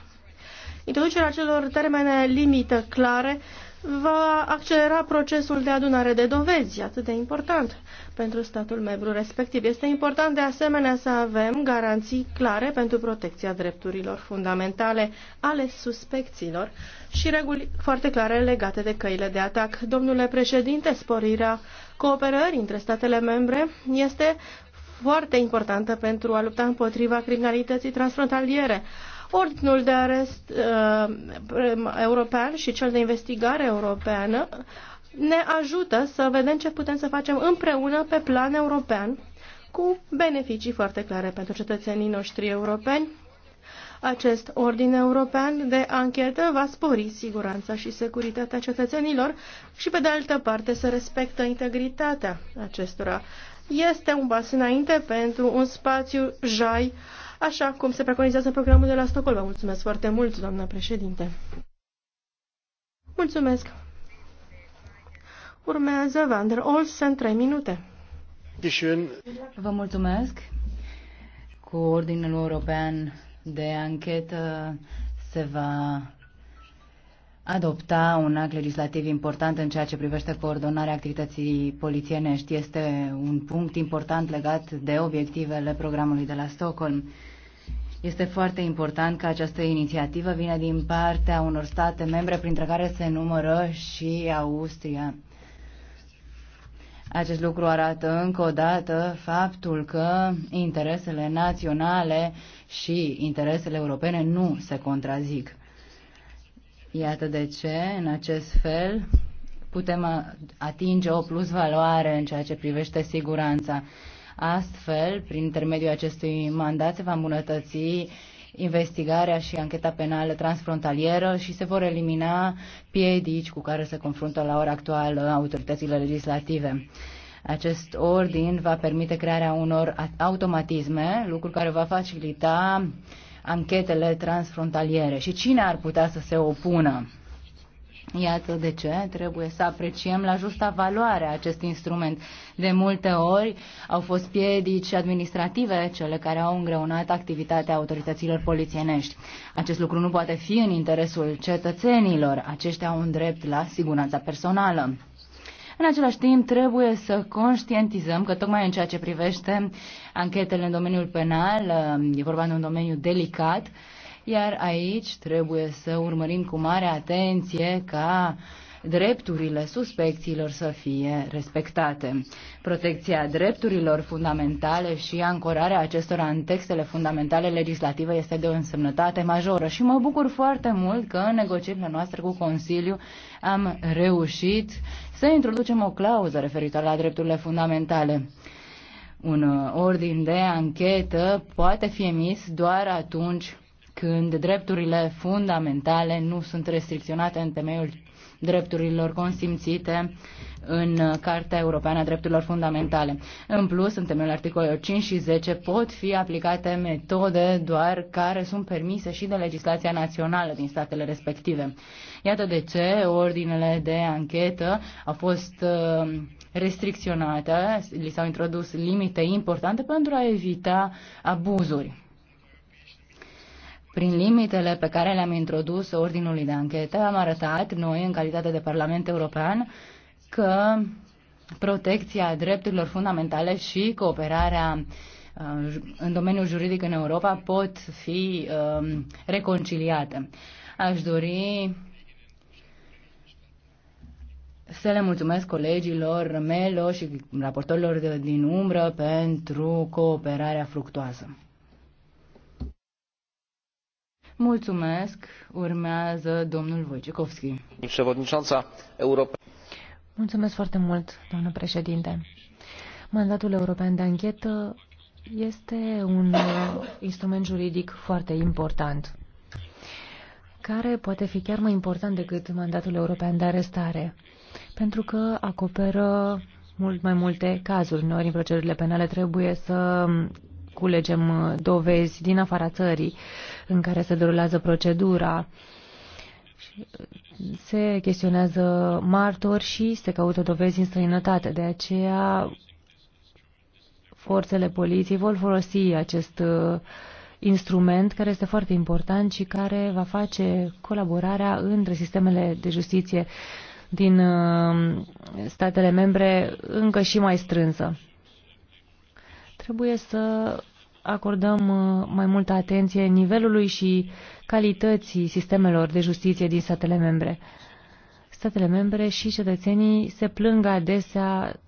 B: Introducerea celor termene limită clare uh, va accelera procesul de adunare de dovezi, atât de important pentru statul membru respectiv. Este important de asemenea să avem garanții clare pentru protecția drepturilor fundamentale ale suspecților și reguli foarte clare legate de căile de atac. Domnule președinte, sporirea cooperării între statele membre este foarte importantă pentru a lupta împotriva criminalității transfrontaliere. Ordinul de arest uh, european și cel de investigare europeană ne ajută să vedem ce putem să facem împreună pe plan european cu beneficii foarte clare pentru cetățenii noștri europeni. Acest ordin european de anchetă va spori siguranța și securitatea cetățenilor și, pe de altă parte, să respectă integritatea acestora. Este un pas înainte pentru un spațiu jai uh, așa cum se preconizează programul de la Stockholm. Vă mulțumesc foarte mult, doamna președinte. Mulțumesc. Urmează Van der Olsen, 3 minute. Vă mulțumesc.
E: Cu Ordinul European de Anchetă se va adopta un act legislativ important în ceea ce privește coordonarea activității polițienești. Este un punct important legat de obiectivele programului de la Stockholm. Este foarte important că această inițiativă vine din partea unor state membre, printre care se numără și Austria. Acest lucru arată încă o dată faptul că interesele naționale și interesele europene nu se contrazic. Iată de ce, în acest fel, putem atinge o plusvaloare în ceea ce privește siguranța. Astfel, prin intermediul acestui mandat, se va îmbunătăți investigarea și ancheta penală transfrontalieră și se vor elimina piedici cu care se confruntă la ora actuală autoritățile legislative. Acest ordin va permite crearea unor automatisme, lucru care va facilita anchetele transfrontaliere. Și cine ar putea să se opună? Iată de ce trebuie să apreciem la justa valoare acest instrument. De multe ori au fost piedici administrative cele care au îngreunat activitatea autorităților polițienești. Acest lucru nu poate fi în interesul cetățenilor. Aceștia au un drept la siguranța personală. În același timp, trebuie să conștientizăm că tocmai în ceea ce privește anchetele în domeniul penal, e vorba de un domeniu delicat, iar aici trebuie să urmărim cu mare atenție ca drepturile suspecțiilor să fie respectate. Protecția drepturilor fundamentale și ancorarea acestora în textele fundamentale legislative este de o însemnătate majoră și mă bucur foarte mult că în negocierile noastre cu Consiliu am reușit să introducem o clauză referitoare la drepturile fundamentale. Un uh, ordin de anchetă poate fi emis doar atunci când drepturile fundamentale nu sunt restricționate în temeiul drepturilor consimțite în Cartea Europeană a Drepturilor Fundamentale. În plus, în temeiul articolelor 5 și 10 pot fi aplicate metode doar care sunt permise și de legislația națională din statele respective. Iată de ce ordinele de anchetă au fost uh, restricționate, li s-au introdus limite importante pentru a evita abuzuri. Prin limitele pe care le-am introdus ordinului de anchetă, am arătat noi, în calitate de Parlament European, că protecția drepturilor fundamentale și cooperarea uh, în domeniul juridic în Europa pot fi um, reconciliate. Aș dori să le mulțumesc colegilor Melo și raportorilor din umbră pentru cooperarea fructoasă. Mulțumesc. Urmează domnul Wojciechowski. Mulțumesc foarte mult,
F: doamnă președinte. Mandatul european de anchetă este un instrument juridic foarte important, care poate fi chiar mai important decât mandatul european de arestare, pentru că acoperă mult mai multe cazuri. Noi, în procedurile penale, trebuie să culegem dovezi din afara țării în care se derulează procedura. Se chestionează martori și se caută dovezi în străinătate. De aceea, forțele poliției vor folosi acest uh, instrument care este foarte important și care va face colaborarea între sistemele de justiție din uh, statele membre încă și mai strânsă. Trebuie să acordăm uh, mai multă atenție nivelului și calității sistemelor de justiție din statele membre. Statele membre și cetățenii se plâng adesea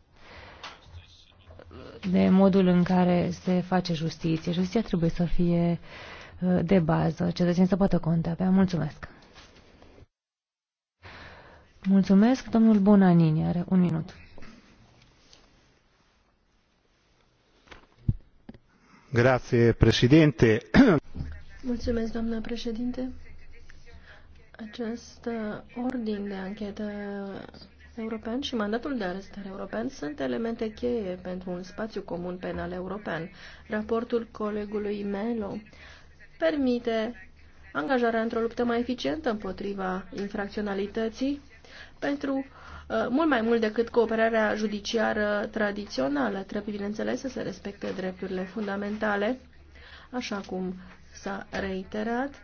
F: de modul în care se face justiție. Justiția trebuie să fie uh, de bază, cetățenii să poată conta pe ea. Mulțumesc! Mulțumesc, domnul Bonanini are un minut.
B: Mulțumesc, doamnă președinte. Acest ordin de anchetă european și mandatul de arestare european sunt elemente cheie pentru un spațiu comun penal european. Raportul colegului Melo permite angajarea într-o luptă mai eficientă împotriva infracționalității pentru Uh, mult mai mult decât cooperarea judiciară tradițională. Trebuie, bineînțeles, să se respecte drepturile fundamentale, așa cum s-a reiterat,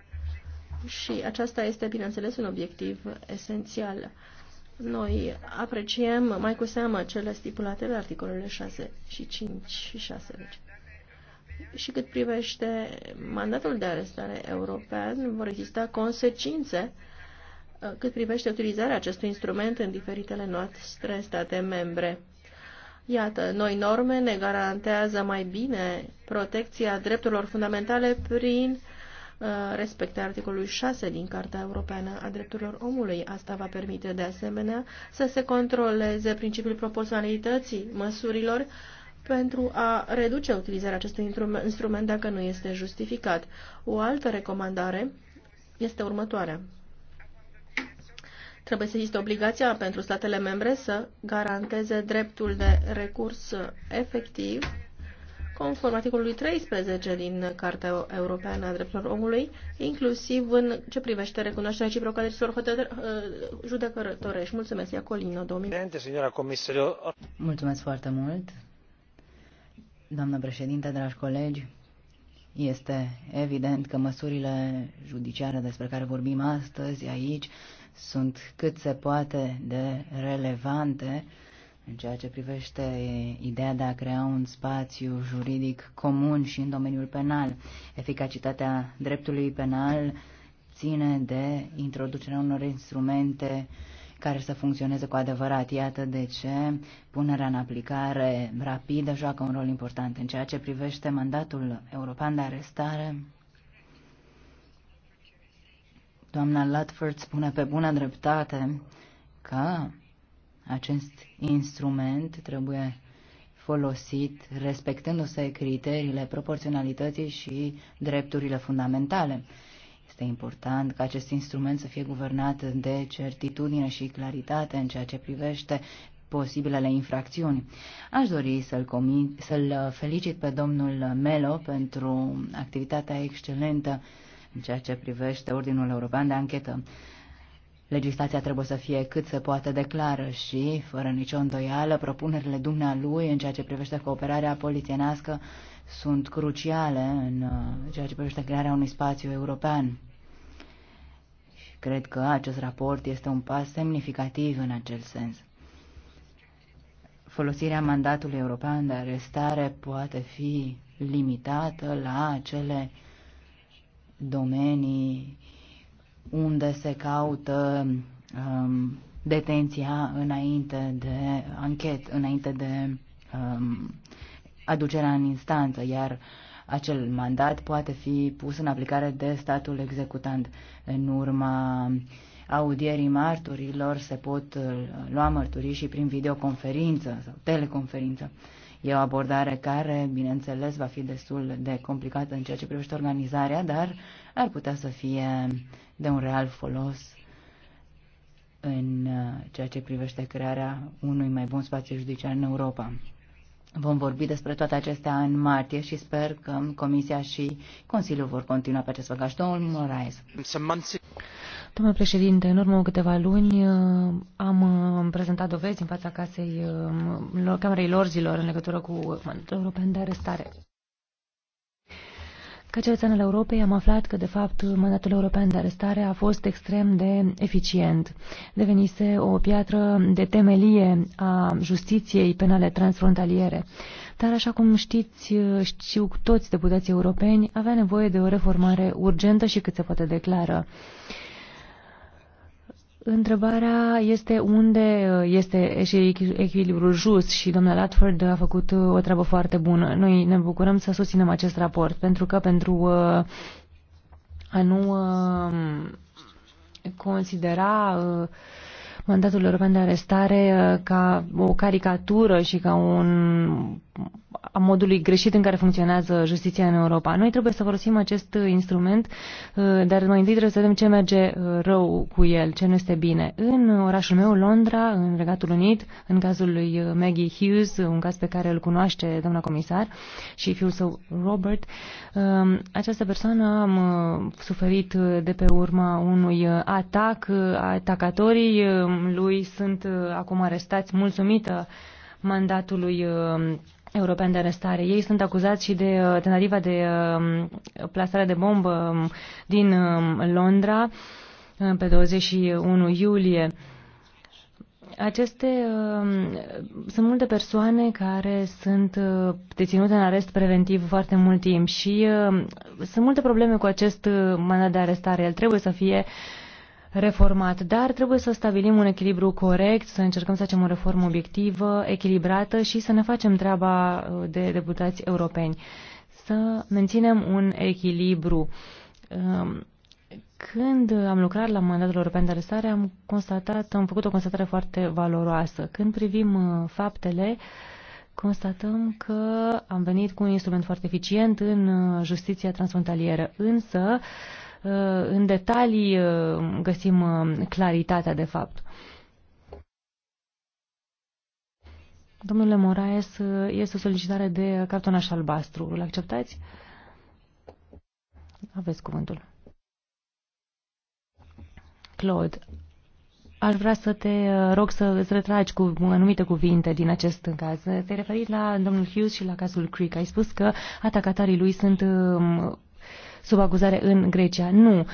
B: și aceasta este, bineînțeles, un obiectiv esențial. Noi apreciem mai cu seamă cele stipulate la articolele 6 și 5 și 6. Deci. Și cât privește mandatul de arestare european, vor exista consecințe uh, Uh, cât privește utilizarea acestui instrument în diferitele noastre state membre. Iată, noi norme ne garantează mai bine protecția drepturilor fundamentale prin uh, respectarea articolului 6 din Carta Europeană a Drepturilor Omului. Asta va permite de asemenea să se controleze principiul proporționalității măsurilor pentru a reduce utilizarea acestui instrument dacă nu este justificat. O altă recomandare este următoarea. Trebuie să existe obligația pentru statele membre să garanteze dreptul de recurs efectiv conform articolului 13 din Cartea Europeană a Drepturilor Omului, inclusiv în ce privește recunoașterea reciprocă deciziilor uh, judecătorești. Mulțumesc, Colino, domnule.
E: Mulțumesc foarte mult, doamnă președinte, dragi colegi. Este evident că măsurile judiciare despre care vorbim astăzi aici sunt cât se poate de relevante în ceea ce privește ideea de a crea un spațiu juridic comun și în domeniul penal. Eficacitatea dreptului penal ține de introducerea unor instrumente care să funcționeze cu adevărat. Iată de ce punerea în aplicare rapidă joacă un rol important în ceea ce privește mandatul european de arestare. Doamna Latford spune pe bună dreptate că acest instrument trebuie folosit respectându-se criteriile proporționalității și drepturile fundamentale. Este important ca acest instrument să fie guvernat de certitudine și claritate în ceea ce privește posibilele infracțiuni. Aș dori să-l, să, să felicit pe domnul Melo pentru activitatea excelentă în ceea ce privește Ordinul European de Anchetă. Legislația trebuie să fie cât se poate declară și, fără nicio îndoială, propunerile dumnealui în ceea ce privește cooperarea polițienească sunt cruciale în uh, ceea ce privește crearea unui spațiu european. Și cred că acest raport este un pas semnificativ în acel sens. Folosirea mandatului european de arestare poate fi limitată la acele uh, domenii unde se caută um, detenția înainte de anchet, înainte de um, aducerea în instanță, iar acel mandat poate fi pus în aplicare de statul executant. În urma audierii marturilor se pot uh, lua mărturii și prin videoconferință sau teleconferință. E o abordare care, bineînțeles, va fi destul de complicată în ceea ce privește organizarea, dar ar putea să fie de un real folos în uh, ceea ce privește crearea unui mai bun spațiu judiciar în Europa. Vom vorbi despre toate acestea în martie și sper că Comisia și Consiliul vor continua pe acest făgaș. Domnul Moraes. Domnule
F: președinte, în urmă câteva luni uh, am uh, prezentat dovezi în fața casei uh, Camerei Lorzilor în legătură cu mandatul european de arestare. Ca cetățean al Europei am aflat că, de fapt, mandatul european de arestare a fost extrem de eficient. Devenise o piatră de temelie a justiției penale transfrontaliere. Dar, așa cum știți, știu toți deputații europeni, avea nevoie de o reformare urgentă și cât se poate declară. Întrebarea este unde uh, este și echilibrul just și domnul Latford a făcut uh, o treabă foarte bună. Noi ne bucurăm să susținem acest raport pentru că pentru uh, a nu considera mandatul european de arestare ca o caricatură și ca un a modului greșit în care funcționează justiția în Europa. Noi trebuie să folosim acest instrument, uh, dar mai întâi trebuie să vedem ce merge uh, rău cu el, ce nu este bine. În orașul meu, Londra, în Regatul Unit, în cazul lui uh, Maggie Hughes, un caz pe care îl cunoaște doamna comisar și fiul său Robert, um, această persoană a suferit de pe urma unui atac. Atacatorii lui sunt acum arestați mulțumită mandatului uh, european de arestare. Ei sunt acuzați și de uh, tentativa de um, plasare de bombă um, din um, Londra uh, pe 21 iulie. Aceste uh, sunt multe persoane care sunt uh, deținute în arest preventiv foarte mult timp și uh, sunt multe probleme cu acest uh, mandat de arestare. El trebuie să fie uh, reformat, dar trebuie să stabilim un echilibru corect, să încercăm să facem o reformă obiectivă, echilibrată și să ne facem treaba uh, de deputați europeni. Să menținem un echilibru. Um, când am lucrat la mandatul european de arestare, am constatat, am făcut o constatare foarte valoroasă. Când privim uh, faptele, constatăm că am venit cu un instrument foarte eficient în uh, justiția transfrontalieră, însă Uh, în detalii uh, găsim uh, claritatea de fapt. Domnule Moraes, este o solicitare de cartonaș albastru. Îl acceptați? Aveți cuvântul. Claude, aș vrea să te rog să îți retragi cu anumite cuvinte din acest caz. Te-ai referit la domnul Hughes și la cazul Creek. Ai spus că atacatarii lui sunt um, sub acuzare în Grecia. Nu.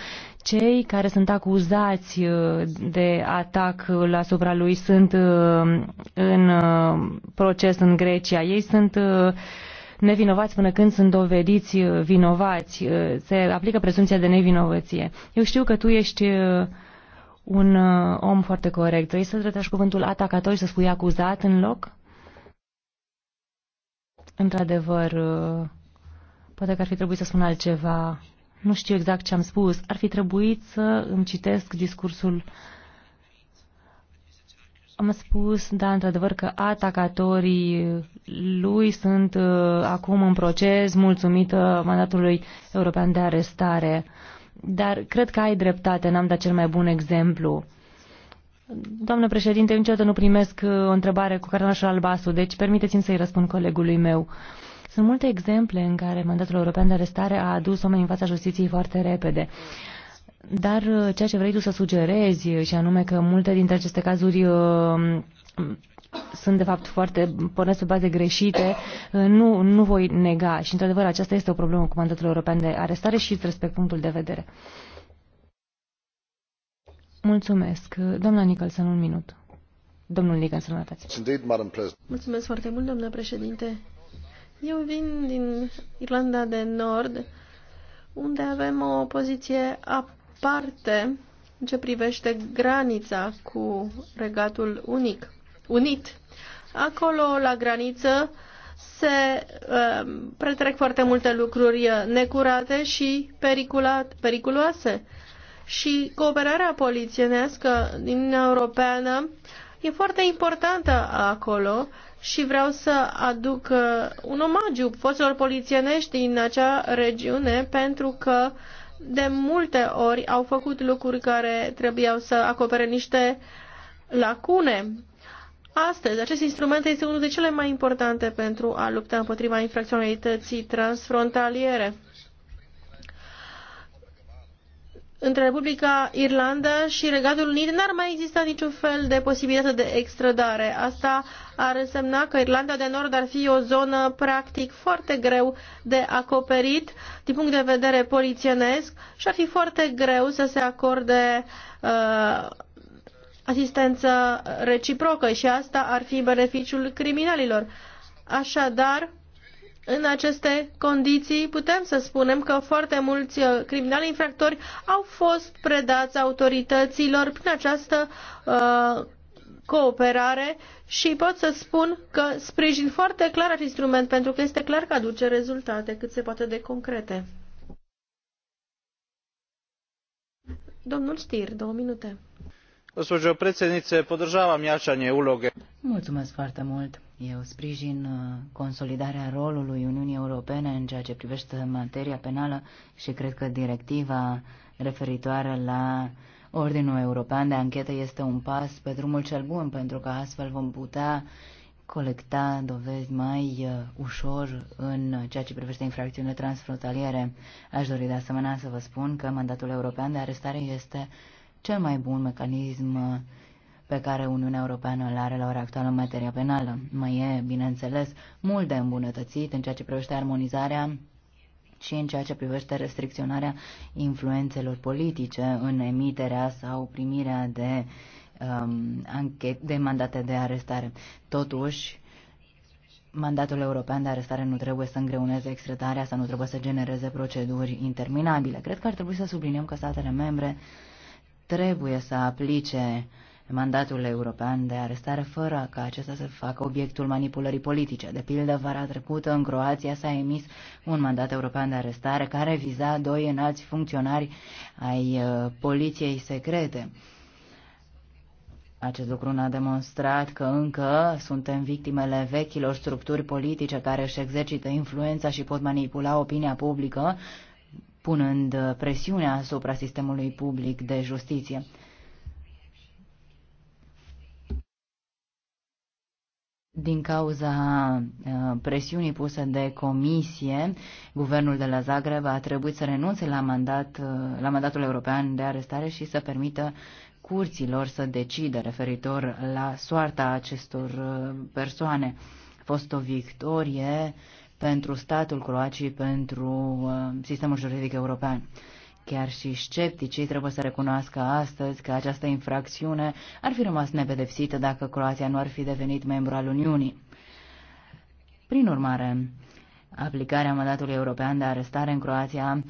F: Cei care sunt acuzați uh, de atac asupra lui sunt uh, în uh, proces în Grecia. Ei sunt nevinovați până când sunt dovediți vinovați. Se aplică presumția de nevinovăție. Eu știu că tu ești un om foarte corect. Trebuie să retragi cuvântul atacator și să spui acuzat în loc? Într-adevăr, Poate că ar fi trebuit să spun altceva. Nu știu exact ce am spus. Ar fi trebuit să îmi citesc discursul. Am spus, da, într-adevăr, că atacatorii lui sunt uh, acum în proces, mulțumită mandatului european de arestare. Dar cred că ai dreptate, n-am dat cel mai bun exemplu. Doamnă președinte, niciodată nu primesc uh, o întrebare cu cartonașul albastru, deci permiteți-mi să-i răspund colegului meu. Uh, sunt multe exemple în care mandatul european de arestare a adus oameni în fața justiției foarte repede. Dar uh, ceea ce vrei tu să sugerezi, uh, și anume că multe dintre aceste cazuri uh, sunt de fapt foarte, pornesc pe baze greșite, nu, nu voi nega. Și într-adevăr aceasta este o problemă cu mandatul european de arestare și îți respect punctul de vedere. Mulțumesc. Doamna Nicholson, un minut. Domnul Nicholson,
A: mă
B: Mulțumesc foarte mult, doamna președinte. Eu vin din Irlanda de Nord, unde avem o poziție aparte în ce privește granița cu regatul unic, unit. Acolo, la graniță, se uh, pretrec foarte multe lucruri necurate și periculoase. Și cooperarea polițienească din Europeană e foarte importantă acolo și vreau să aduc uh, un omagiu forțelor polițienești din acea regiune pentru că de multe ori au făcut lucruri care trebuiau să acopere niște lacune. Astăzi, acest instrument este unul de cele mai importante pentru a lupta împotriva infracționalității transfrontaliere. între Republica Irlanda și Regatul Unit n-ar mai exista niciun fel de posibilitate de extradare. Asta ar însemna că Irlanda de Nord ar fi o zonă practic foarte greu de acoperit din punct de vedere polițienesc și ar fi foarte greu să se acorde uh, asistență reciprocă și asta ar fi beneficiul criminalilor. Așadar, uh, în aceste condiții putem să spunem că foarte mulți uh, criminali infractori au fost predați autorităților prin această uh, cooperare și pot să spun că sprijin foarte clar acest instrument pentru că este clar că aduce rezultate cât se poate de concrete. Domnul Stir, două minute. Mulțumesc
E: foarte mult. Eu sprijin uh, consolidarea rolului Uniunii Europene în ceea ce privește materia penală și cred că directiva referitoare la Ordinul European de Anchetă este un pas pe drumul cel bun, pentru că astfel vom putea colecta dovezi mai uh, ușor în ceea ce privește infracțiunile transfrontaliere. Aș dori de asemenea să vă spun că mandatul european de arestare este cel mai bun mecanism uh, pe care Uniunea Europeană îl are la ora actuală în materia penală. Mai e, bineînțeles, mult de îmbunătățit în ceea ce privește armonizarea și în ceea ce privește restricționarea influențelor politice în emiterea sau primirea de, um, anchet, de mandate de arestare. Totuși, mandatul european de arestare nu trebuie să îngreuneze extradarea sau nu trebuie să genereze proceduri interminabile. Cred că ar trebui să subliniem că statele membre trebuie să aplice mandatul european de arestare fără ca acesta să facă obiectul manipulării politice. De pildă, vara trecută în Croația s-a emis un mandat european de arestare care viza doi înalți funcționari ai uh, poliției secrete. Acest lucru ne-a demonstrat că încă suntem victimele vechilor structuri politice care își exercită influența și pot manipula opinia publică, punând uh, presiunea asupra sistemului public de justiție. Din cauza uh, presiunii puse de comisie, guvernul de la Zagreb a trebuit să renunțe la, mandat, uh, la mandatul european de arestare și să permită curților să decide referitor la soarta acestor uh, persoane. A fost o victorie pentru statul Croației, pentru sistemul juridic european. Chiar și scepticii trebuie să recunoască astăzi că această infracțiune ar fi rămas nepedepsită dacă Croația nu ar fi devenit membru al Uniunii. Prin urmare, aplicarea mandatului european de arestare în Croația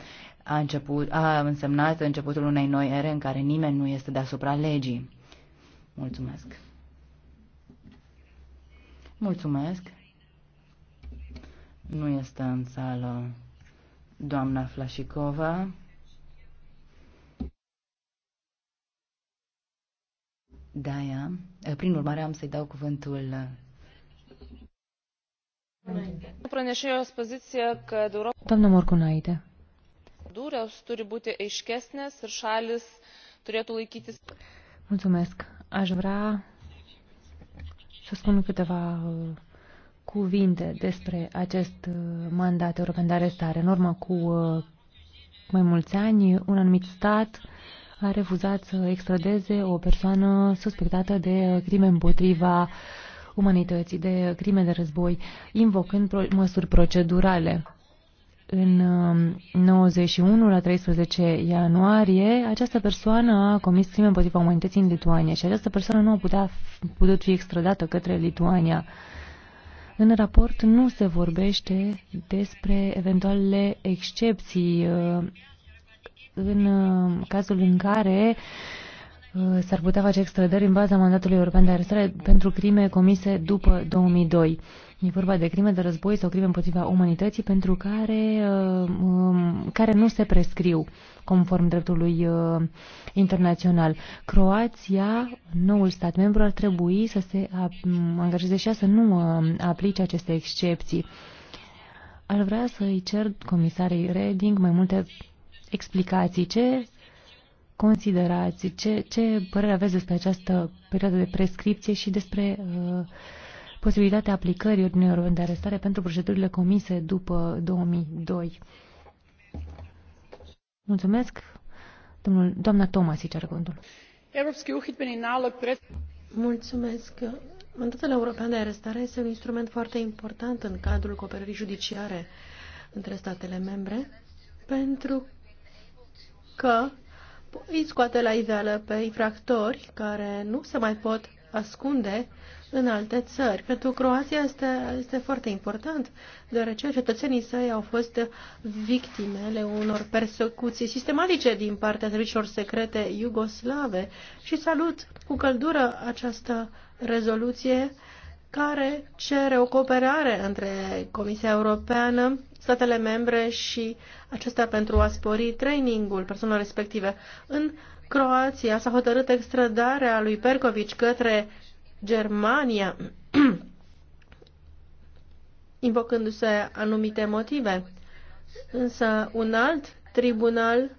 E: a, început, a însemnat începutul unei noi ere în care nimeni nu este deasupra legii. Mulțumesc. Mulțumesc. Nu este în sală doamna Flașicova. Daia. Eh, prin urmare, am să-i dau cuvântul. Eh, Doamna Morcunaite.
F: Mulțumesc. Aș vrea să spun câteva eh, cuvinte despre acest mandat european de arestare. În urmă cu mai mulți ani, un anumit stat a refuzat să extradeze o persoană suspectată de crime împotriva umanității, de crime de război, invocând pro măsuri procedurale. În 91, um, la 13 ianuarie, această persoană a comis crime împotriva umanității în Lituania și această persoană nu a putea, putut fi extradată către Lituania. În raport nu se vorbește despre eventualele excepții uh, în uh, cazul în care uh, s-ar putea face extrădări în baza mandatului european de arestare pentru crime comise după 2002. E vorba de crime de război sau crime împotriva umanității pentru care, uh, um, care nu se prescriu conform dreptului internațional. Croația, noul stat membru, ar trebui să se um, angajeze și să nu aplice aceste excepții. Ar vrea să-i cer Comisarii Reding mai multe explicații, ce considerați, ce, ce părere aveți despre această perioadă de prescripție și despre uh, posibilitatea aplicării ordinei europene de arestare pentru procedurile comise după 2002? Mulțumesc. Domnul, doamna Tomasic are cuvântul.
B: Mulțumesc. Mandatul european de arestare este un instrument foarte important în cadrul cooperării judiciare între statele membre pentru că îi scoate la iveală pe infractori care nu se mai pot ascunde în alte țări. Pentru Croația este, este foarte important, deoarece cetățenii săi au fost victimele unor persecuții sistematice din partea serviciilor secrete iugoslave și salut cu căldură această rezoluție care cere o cooperare între Comisia Europeană, statele membre și acestea pentru a spori trainingul persoanelor respective. În Croația s-a hotărât extradarea lui Perkovic către Germania, invocându-se anumite motive. Însă un alt tribunal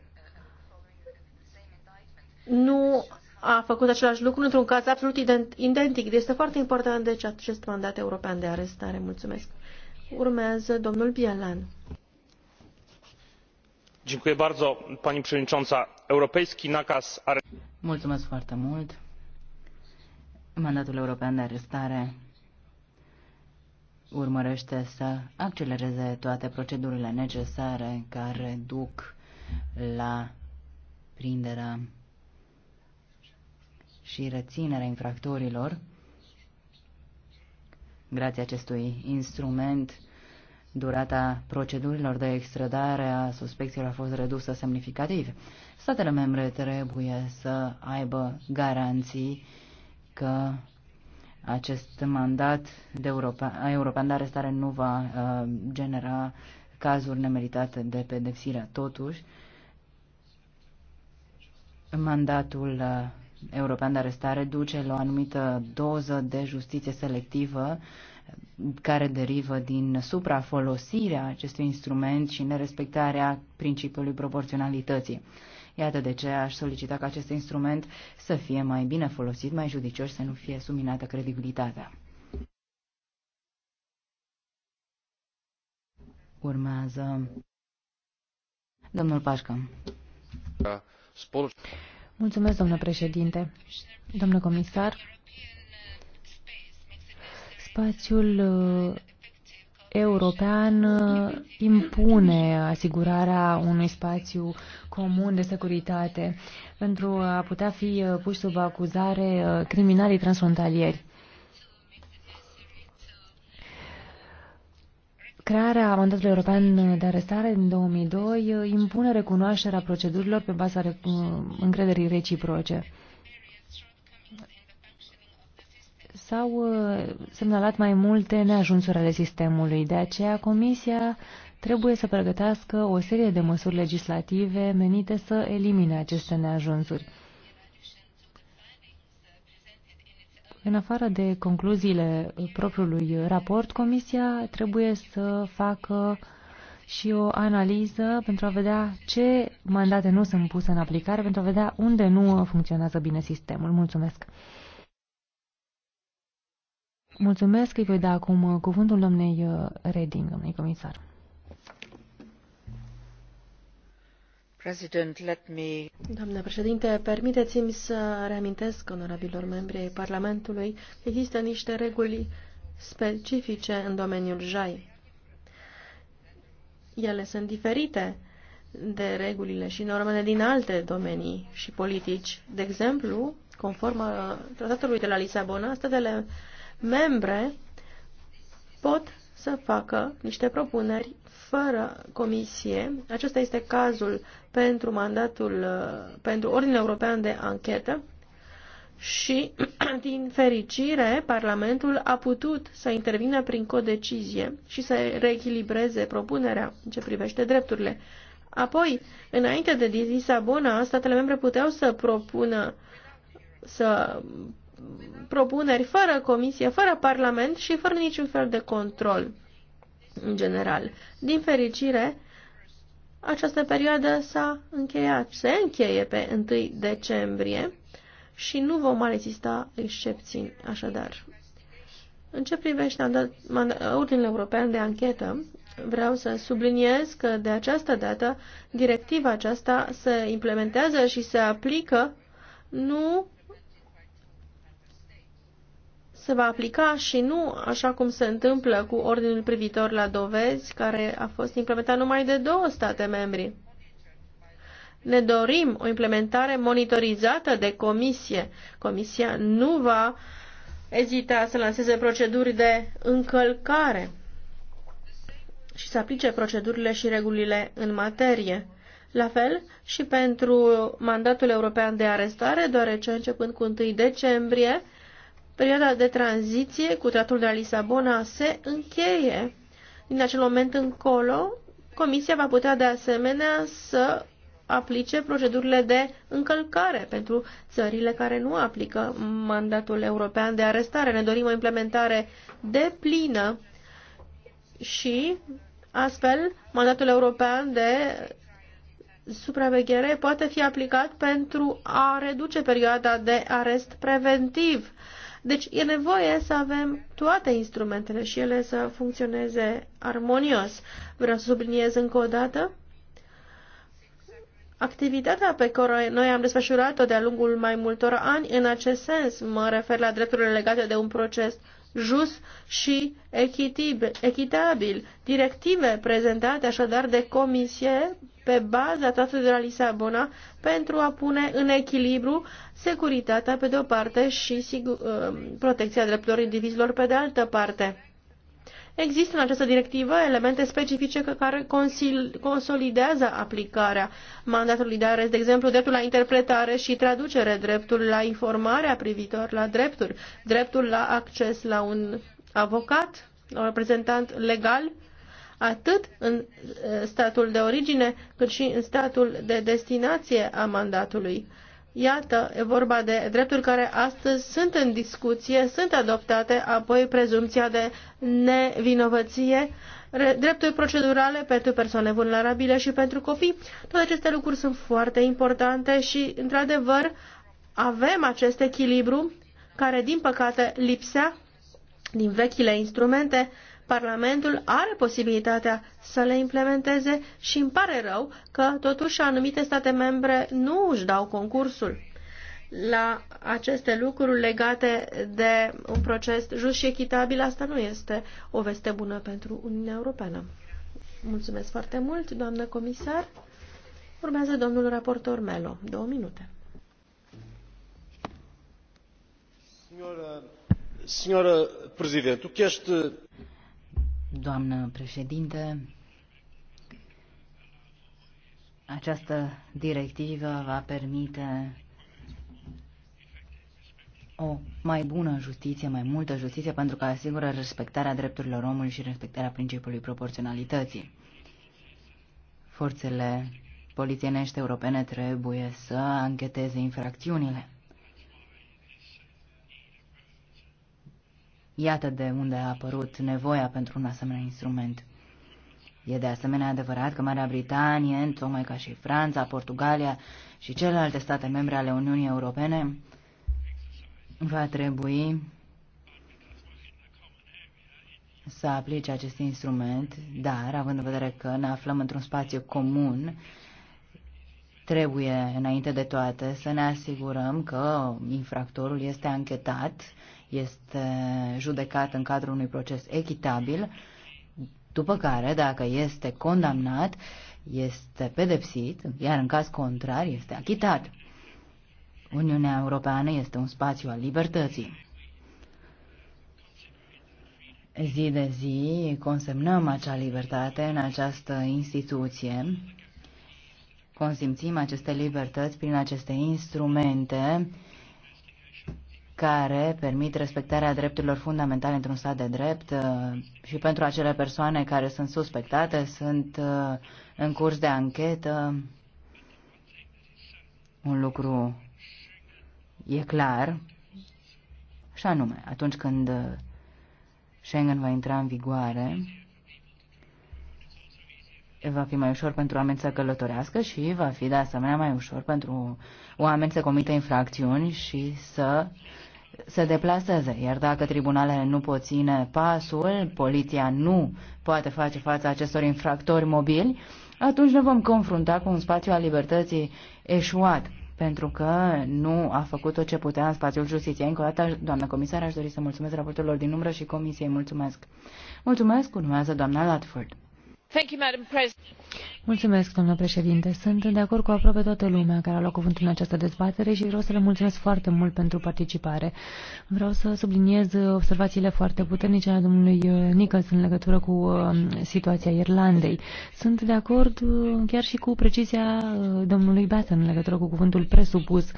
B: nu a făcut același lucru într-un caz absolut identic. Este foarte important, deci, acest mandat european de arestare. Mulțumesc. Urmează domnul Bialan.
D: Dziękuję bardzo, pani przewodnicząca. Europejski nakaz
E: Mulțumesc foarte mult. Mandatul european de arestare urmărește să accelereze toate procedurile necesare care duc la prinderea și reținerea infractorilor Grație acestui instrument, durata procedurilor de extradare a suspecțiilor a fost redusă semnificativ. Statele membre trebuie să aibă garanții că acest mandat de Europa, european de arestare nu va uh, genera cazuri nemeritate de pedepsire. Totuși, mandatul uh, european de arestare duce la o anumită doză de justiție selectivă care derivă din suprafolosirea acestui instrument și nerespectarea principiului proporționalității. Iată de ce aș solicita ca acest instrument să fie mai bine folosit, mai judicios, să nu fie suminată credibilitatea. Urmează domnul Pașcă. Mulțumesc, domnule președinte.
F: Domnule comisar, spațiul uh, european uh, impune asigurarea unui spațiu comun de securitate pentru a putea fi uh, puși sub acuzare criminalii transfrontalieri. Crearea mandatului european de arestare din 2002 impune recunoașterea procedurilor pe baza încrederii reciproce. S-au uh, semnalat mai multe neajunsuri ale sistemului, de aceea Comisia trebuie să pregătească o serie de măsuri legislative menite să elimine aceste neajunsuri. În afară de concluziile propriului raport, Comisia trebuie să facă și o analiză pentru a vedea ce mandate nu sunt puse în aplicare, pentru a vedea unde nu funcționează bine sistemul. Mulțumesc! Mulțumesc, îi voi da acum cuvântul domnei Reding, domnului comisar.
B: Doamnă președinte, permiteți-mi să reamintesc onorabilor membri ai Parlamentului că există niște reguli specifice în domeniul JAI. Ele sunt diferite de regulile și normele din alte domenii și politici. De exemplu, conform uh, tratatului de la Lisabona, statele membre pot să facă niște propuneri fără comisie. Acesta este cazul pentru mandatul, uh, pentru Ordinul European de Anchetă și, din fericire, Parlamentul a putut să intervină prin codecizie și să reechilibreze propunerea în ce privește drepturile. Apoi, înainte de Lisabona, statele membre puteau să propună să propuneri fără comisie, fără parlament și fără niciun fel de control în general. Din fericire, această perioadă s-a încheiat, se încheie pe 1 decembrie și nu vom mai exista excepții, așadar. În ce privește ordinul european de anchetă, vreau să subliniez că de această dată directiva aceasta se implementează și se aplică nu se va aplica și nu așa cum se întâmplă cu ordinul privitor la dovezi, care a fost implementat numai de două state membri. Ne dorim o implementare monitorizată de comisie. Comisia nu va ezita să lanseze proceduri de încălcare și să aplice procedurile și regulile în materie. La fel și pentru mandatul european de arestare, deoarece începând cu 1 decembrie, Perioada de tranziție cu tratul de la Lisabona se încheie. Din acel moment încolo, Comisia va putea de asemenea să aplice procedurile de încălcare pentru țările care nu aplică mandatul european de arestare. Ne dorim o implementare de plină și astfel mandatul european de supraveghere poate fi aplicat pentru a reduce perioada de arest preventiv deci e nevoie să avem toate instrumentele și ele să funcționeze armonios. Vreau să subliniez încă o dată Activitatea pe care noi am desfășurat-o de-a lungul mai multor ani în acest sens, mă refer la drepturile legate de un proces just și echitabil. Directive prezentate așadar de comisie pe baza tratatului de la Lisabona pentru a pune în echilibru securitatea pe de o parte și sigur, uh, protecția drepturilor indivizilor pe de altă parte. Există în această directivă elemente specifice care consolidează aplicarea mandatului de arest, de exemplu dreptul la interpretare și traducere, dreptul la informarea privitor la drepturi, dreptul la acces la un avocat, un reprezentant legal, atât în uh, statul de origine, cât și în statul de destinație a mandatului. Iată, e vorba de drepturi care astăzi sunt în discuție, sunt adoptate, apoi prezumția de nevinovăție, drepturi procedurale pentru persoane vulnerabile și pentru copii. Toate aceste lucruri sunt foarte importante și, într-adevăr, avem acest echilibru care, din păcate, lipsea din vechile instrumente Parlamentul are posibilitatea să le implementeze și îmi pare rău că totuși anumite state membre nu își dau concursul la aceste lucruri legate de un proces just și echitabil, asta nu este o veste bună pentru Uniunea Europeană. Mulțumesc foarte mult, doamnă comisar. Urmează domnul raportor Melo. Două minute.
E: Signora,
C: signora Presidente, tu que
E: Doamnă președinte, această directivă va permite o mai bună justiție, mai multă justiție, pentru că asigură respectarea drepturilor omului și respectarea principiului proporționalității. Forțele polițienești europene trebuie să ancheteze infracțiunile. Iată de unde a apărut nevoia pentru un asemenea instrument. E de asemenea adevărat că Marea Britanie, tocmai ca și Franța, Portugalia și celelalte state membre ale Uniunii Europene, va trebui să aplice acest instrument, dar, având în vedere că ne aflăm într-un spațiu comun, trebuie, înainte de toate, să ne asigurăm că infractorul este anchetat este judecat în cadrul unui proces echitabil, după care, dacă este condamnat, este pedepsit, iar în caz contrar este achitat. Uniunea Europeană este un spațiu al libertății. Zi de zi consemnăm acea libertate în această instituție, consimțim aceste libertăți prin aceste instrumente care permit respectarea drepturilor fundamentale într-un stat de drept uh, și pentru acele persoane care sunt suspectate, sunt uh, în curs de anchetă. Un lucru e clar, și anume, atunci când uh, Schengen va intra în vigoare, va fi mai ușor pentru oameni să călătorească și va fi de asemenea mai ușor pentru oameni să comită infracțiuni și să se deplaseze, iar dacă tribunalele nu pot ține pasul, poliția nu poate face față acestor infractori mobili, atunci ne vom confrunta cu un spațiu al libertății eșuat, pentru că nu a făcut tot ce putea în spațiul justiției. Încă o dată, doamna comisar, aș dori să mulțumesc raportorilor din umbră și comisiei. Mulțumesc! Mulțumesc! Urmează doamna Latford. Mulțumesc, doamnă președinte.
F: Sunt de acord cu aproape toată lumea care a luat cuvântul în această dezbatere și vreau să le mulțumesc foarte mult pentru participare. Vreau să subliniez observațiile foarte puternice ale domnului uh, Nichols în legătură cu uh, situația Irlandei. Sunt de acord uh, chiar și cu precizia domnului Batten în legătură cu cuvântul presupus.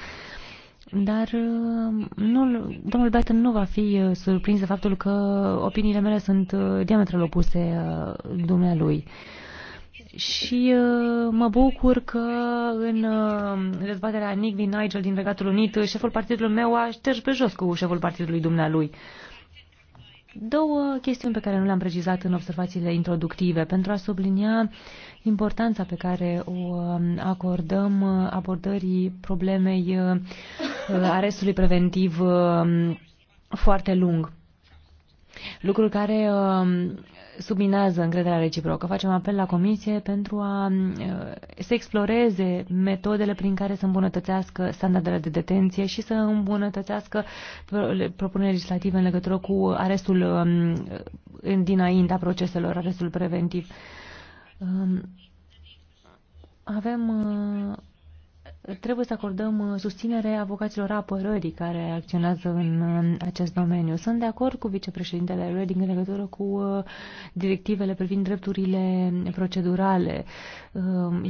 F: Dar uh, nu, domnul Batten nu va fi uh, surprins de faptul că opiniile mele sunt uh, diametral opuse dumnealui. Și mă bucur că în dezbaterea Nick din Nigel din Regatul Unit, șeful partidului meu a șters pe jos cu șeful partidului dumnealui. Două chestiuni pe care nu le-am precizat în observațiile introductive, pentru a sublinia importanța pe care o um, acordăm abordării problemei uh, arestului preventiv um, foarte lung. Lucrul care um, subminează încrederea reciprocă. Facem apel la Comisie pentru a eh, se exploreze metodele prin care să îmbunătățească standardele de detenție și să îmbunătățească propuneri legislative în legătură cu arestul eh, dinaintea proceselor, arestul preventiv. Avem eh, trebuie să acordăm uh, susținere avocaților apărării care acționează în acest domeniu. Sunt de acord cu vicepreședintele Reding în legătură cu uh, directivele privind drepturile procedurale. Uh,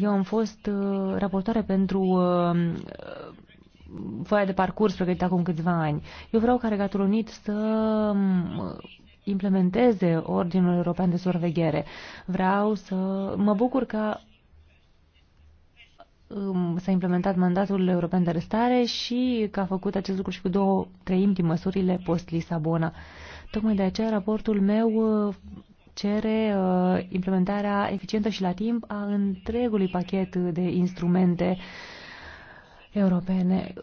F: eu am fost raportoare pentru foaia de parcurs pregătită acum câțiva ani. Eu vreau ca Regatul Unit să um, implementeze Ordinul European de Surveghere. Vreau să mă bucur că Um, s-a implementat mandatul european de arestare și că a făcut acest lucru și cu două treimi din măsurile post-Lisabona. Tocmai de aceea raportul meu uh, cere uh, implementarea eficientă și la timp a întregului pachet de instrumente europene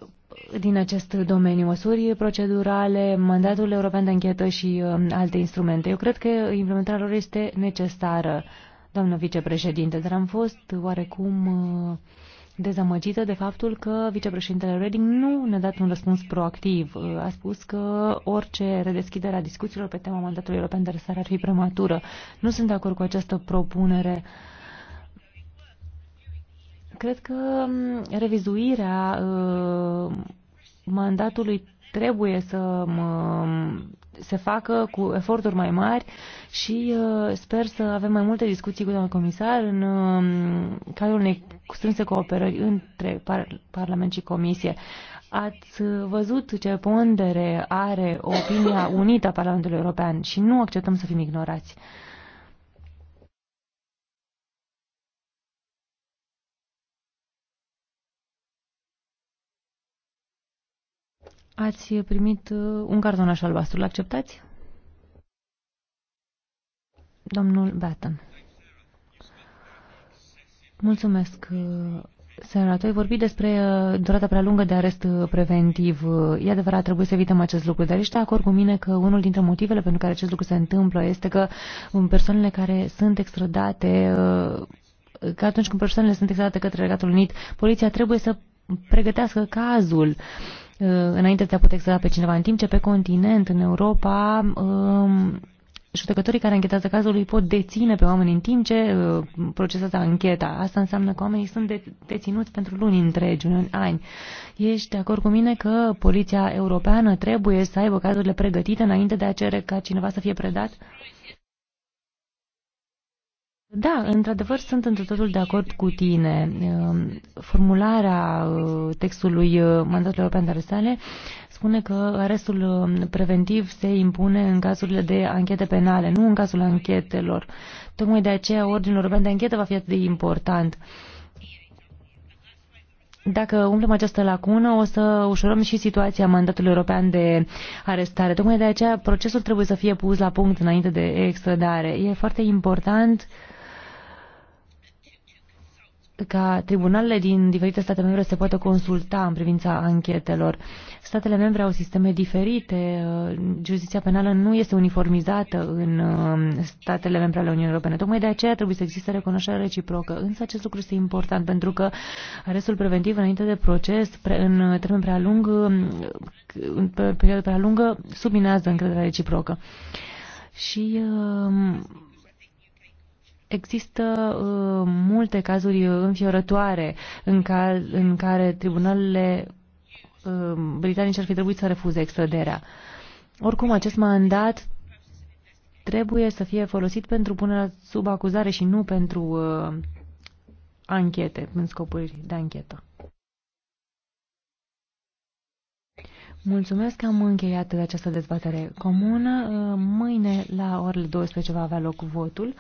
F: din acest domeniu, măsuri procedurale, mandatul european de închetă și uh, alte instrumente. Eu cred că implementarea lor este necesară, doamnă vicepreședinte, dar am fost oarecum uh, dezamăgită de faptul că vicepreședintele Reding nu ne-a dat un răspuns proactiv. Uh, a spus că orice redeschidere a discuțiilor pe tema mandatului european de răsare ar fi prematură. Nu sunt de acord cu această propunere. Cred că um, revizuirea uh, mandatului trebuie să um, se facă cu eforturi mai mari și uh, sper să avem mai multe discuții cu domnul comisar în um, cadrul unei strânse cooperări între par Parlament și Comisie. Ați văzut ce pondere are opinia unită a Parlamentului European și nu acceptăm să fim ignorați. Ați primit uh, un cartonaș albastru, l-acceptați? Domnul Batten. Mulțumesc. Uh, seara, tu ai vorbit despre uh, durata prea lungă de arest uh, preventiv. E adevărat, trebuie să evităm acest lucru, dar ești de acord cu mine că unul dintre motivele pentru care acest lucru se întâmplă este că um, persoanele care sunt extradate, că atunci când persoanele sunt extradate către Regatul Unit, poliția trebuie să pregătească cazul înainte de a putea extrada pe cineva, în timp ce pe continent, în Europa, um, judecătorii care închetează cazul îi pot deține pe oameni în timp ce uh, procesează ancheta. Asta înseamnă că oamenii sunt de deținuți pentru luni întregi, uneori ani. Ești de acord cu mine că poliția europeană trebuie să aibă cazurile pregătite înainte de a cere ca cineva să fie predat? Da, într-adevăr sunt într totul de acord cu tine. Uh, formularea uh, textului mandatului european de arestare spune că arestul um, preventiv se impune în cazurile de anchete penale, nu în cazul anchetelor. Tocmai de aceea Ordinul European de Anchetă va fi atât de important. Dacă umplem această lacună, o să ușurăm și situația mandatului european de arestare. Tocmai de aceea procesul trebuie să fie pus la punct înainte de extradare. E foarte important ca tribunalele din diferite state membre se poată consulta în privința anchetelor. Statele membre au sisteme diferite, uh, justiția penală nu este uniformizată în um, statele membre ale Uniunii Europene. Tocmai de aceea trebuie să existe recunoaștere reciprocă. Însă acest lucru este important pentru că arestul preventiv înainte de proces, în termen prea lung, um, în perioadă prea lungă, subminează încrederea reciprocă. Și um, Există uh, multe cazuri înfiorătoare în, cal, în care tribunalele uh, britanice ar fi trebuit să refuze extrăderea. Oricum, acest mandat trebuie să fie folosit pentru punerea sub acuzare și nu pentru uh, anchete, în scopuri de anchetă. Mulțumesc că am încheiat această dezbatere comună. Uh, mâine la orele 12 va avea loc votul.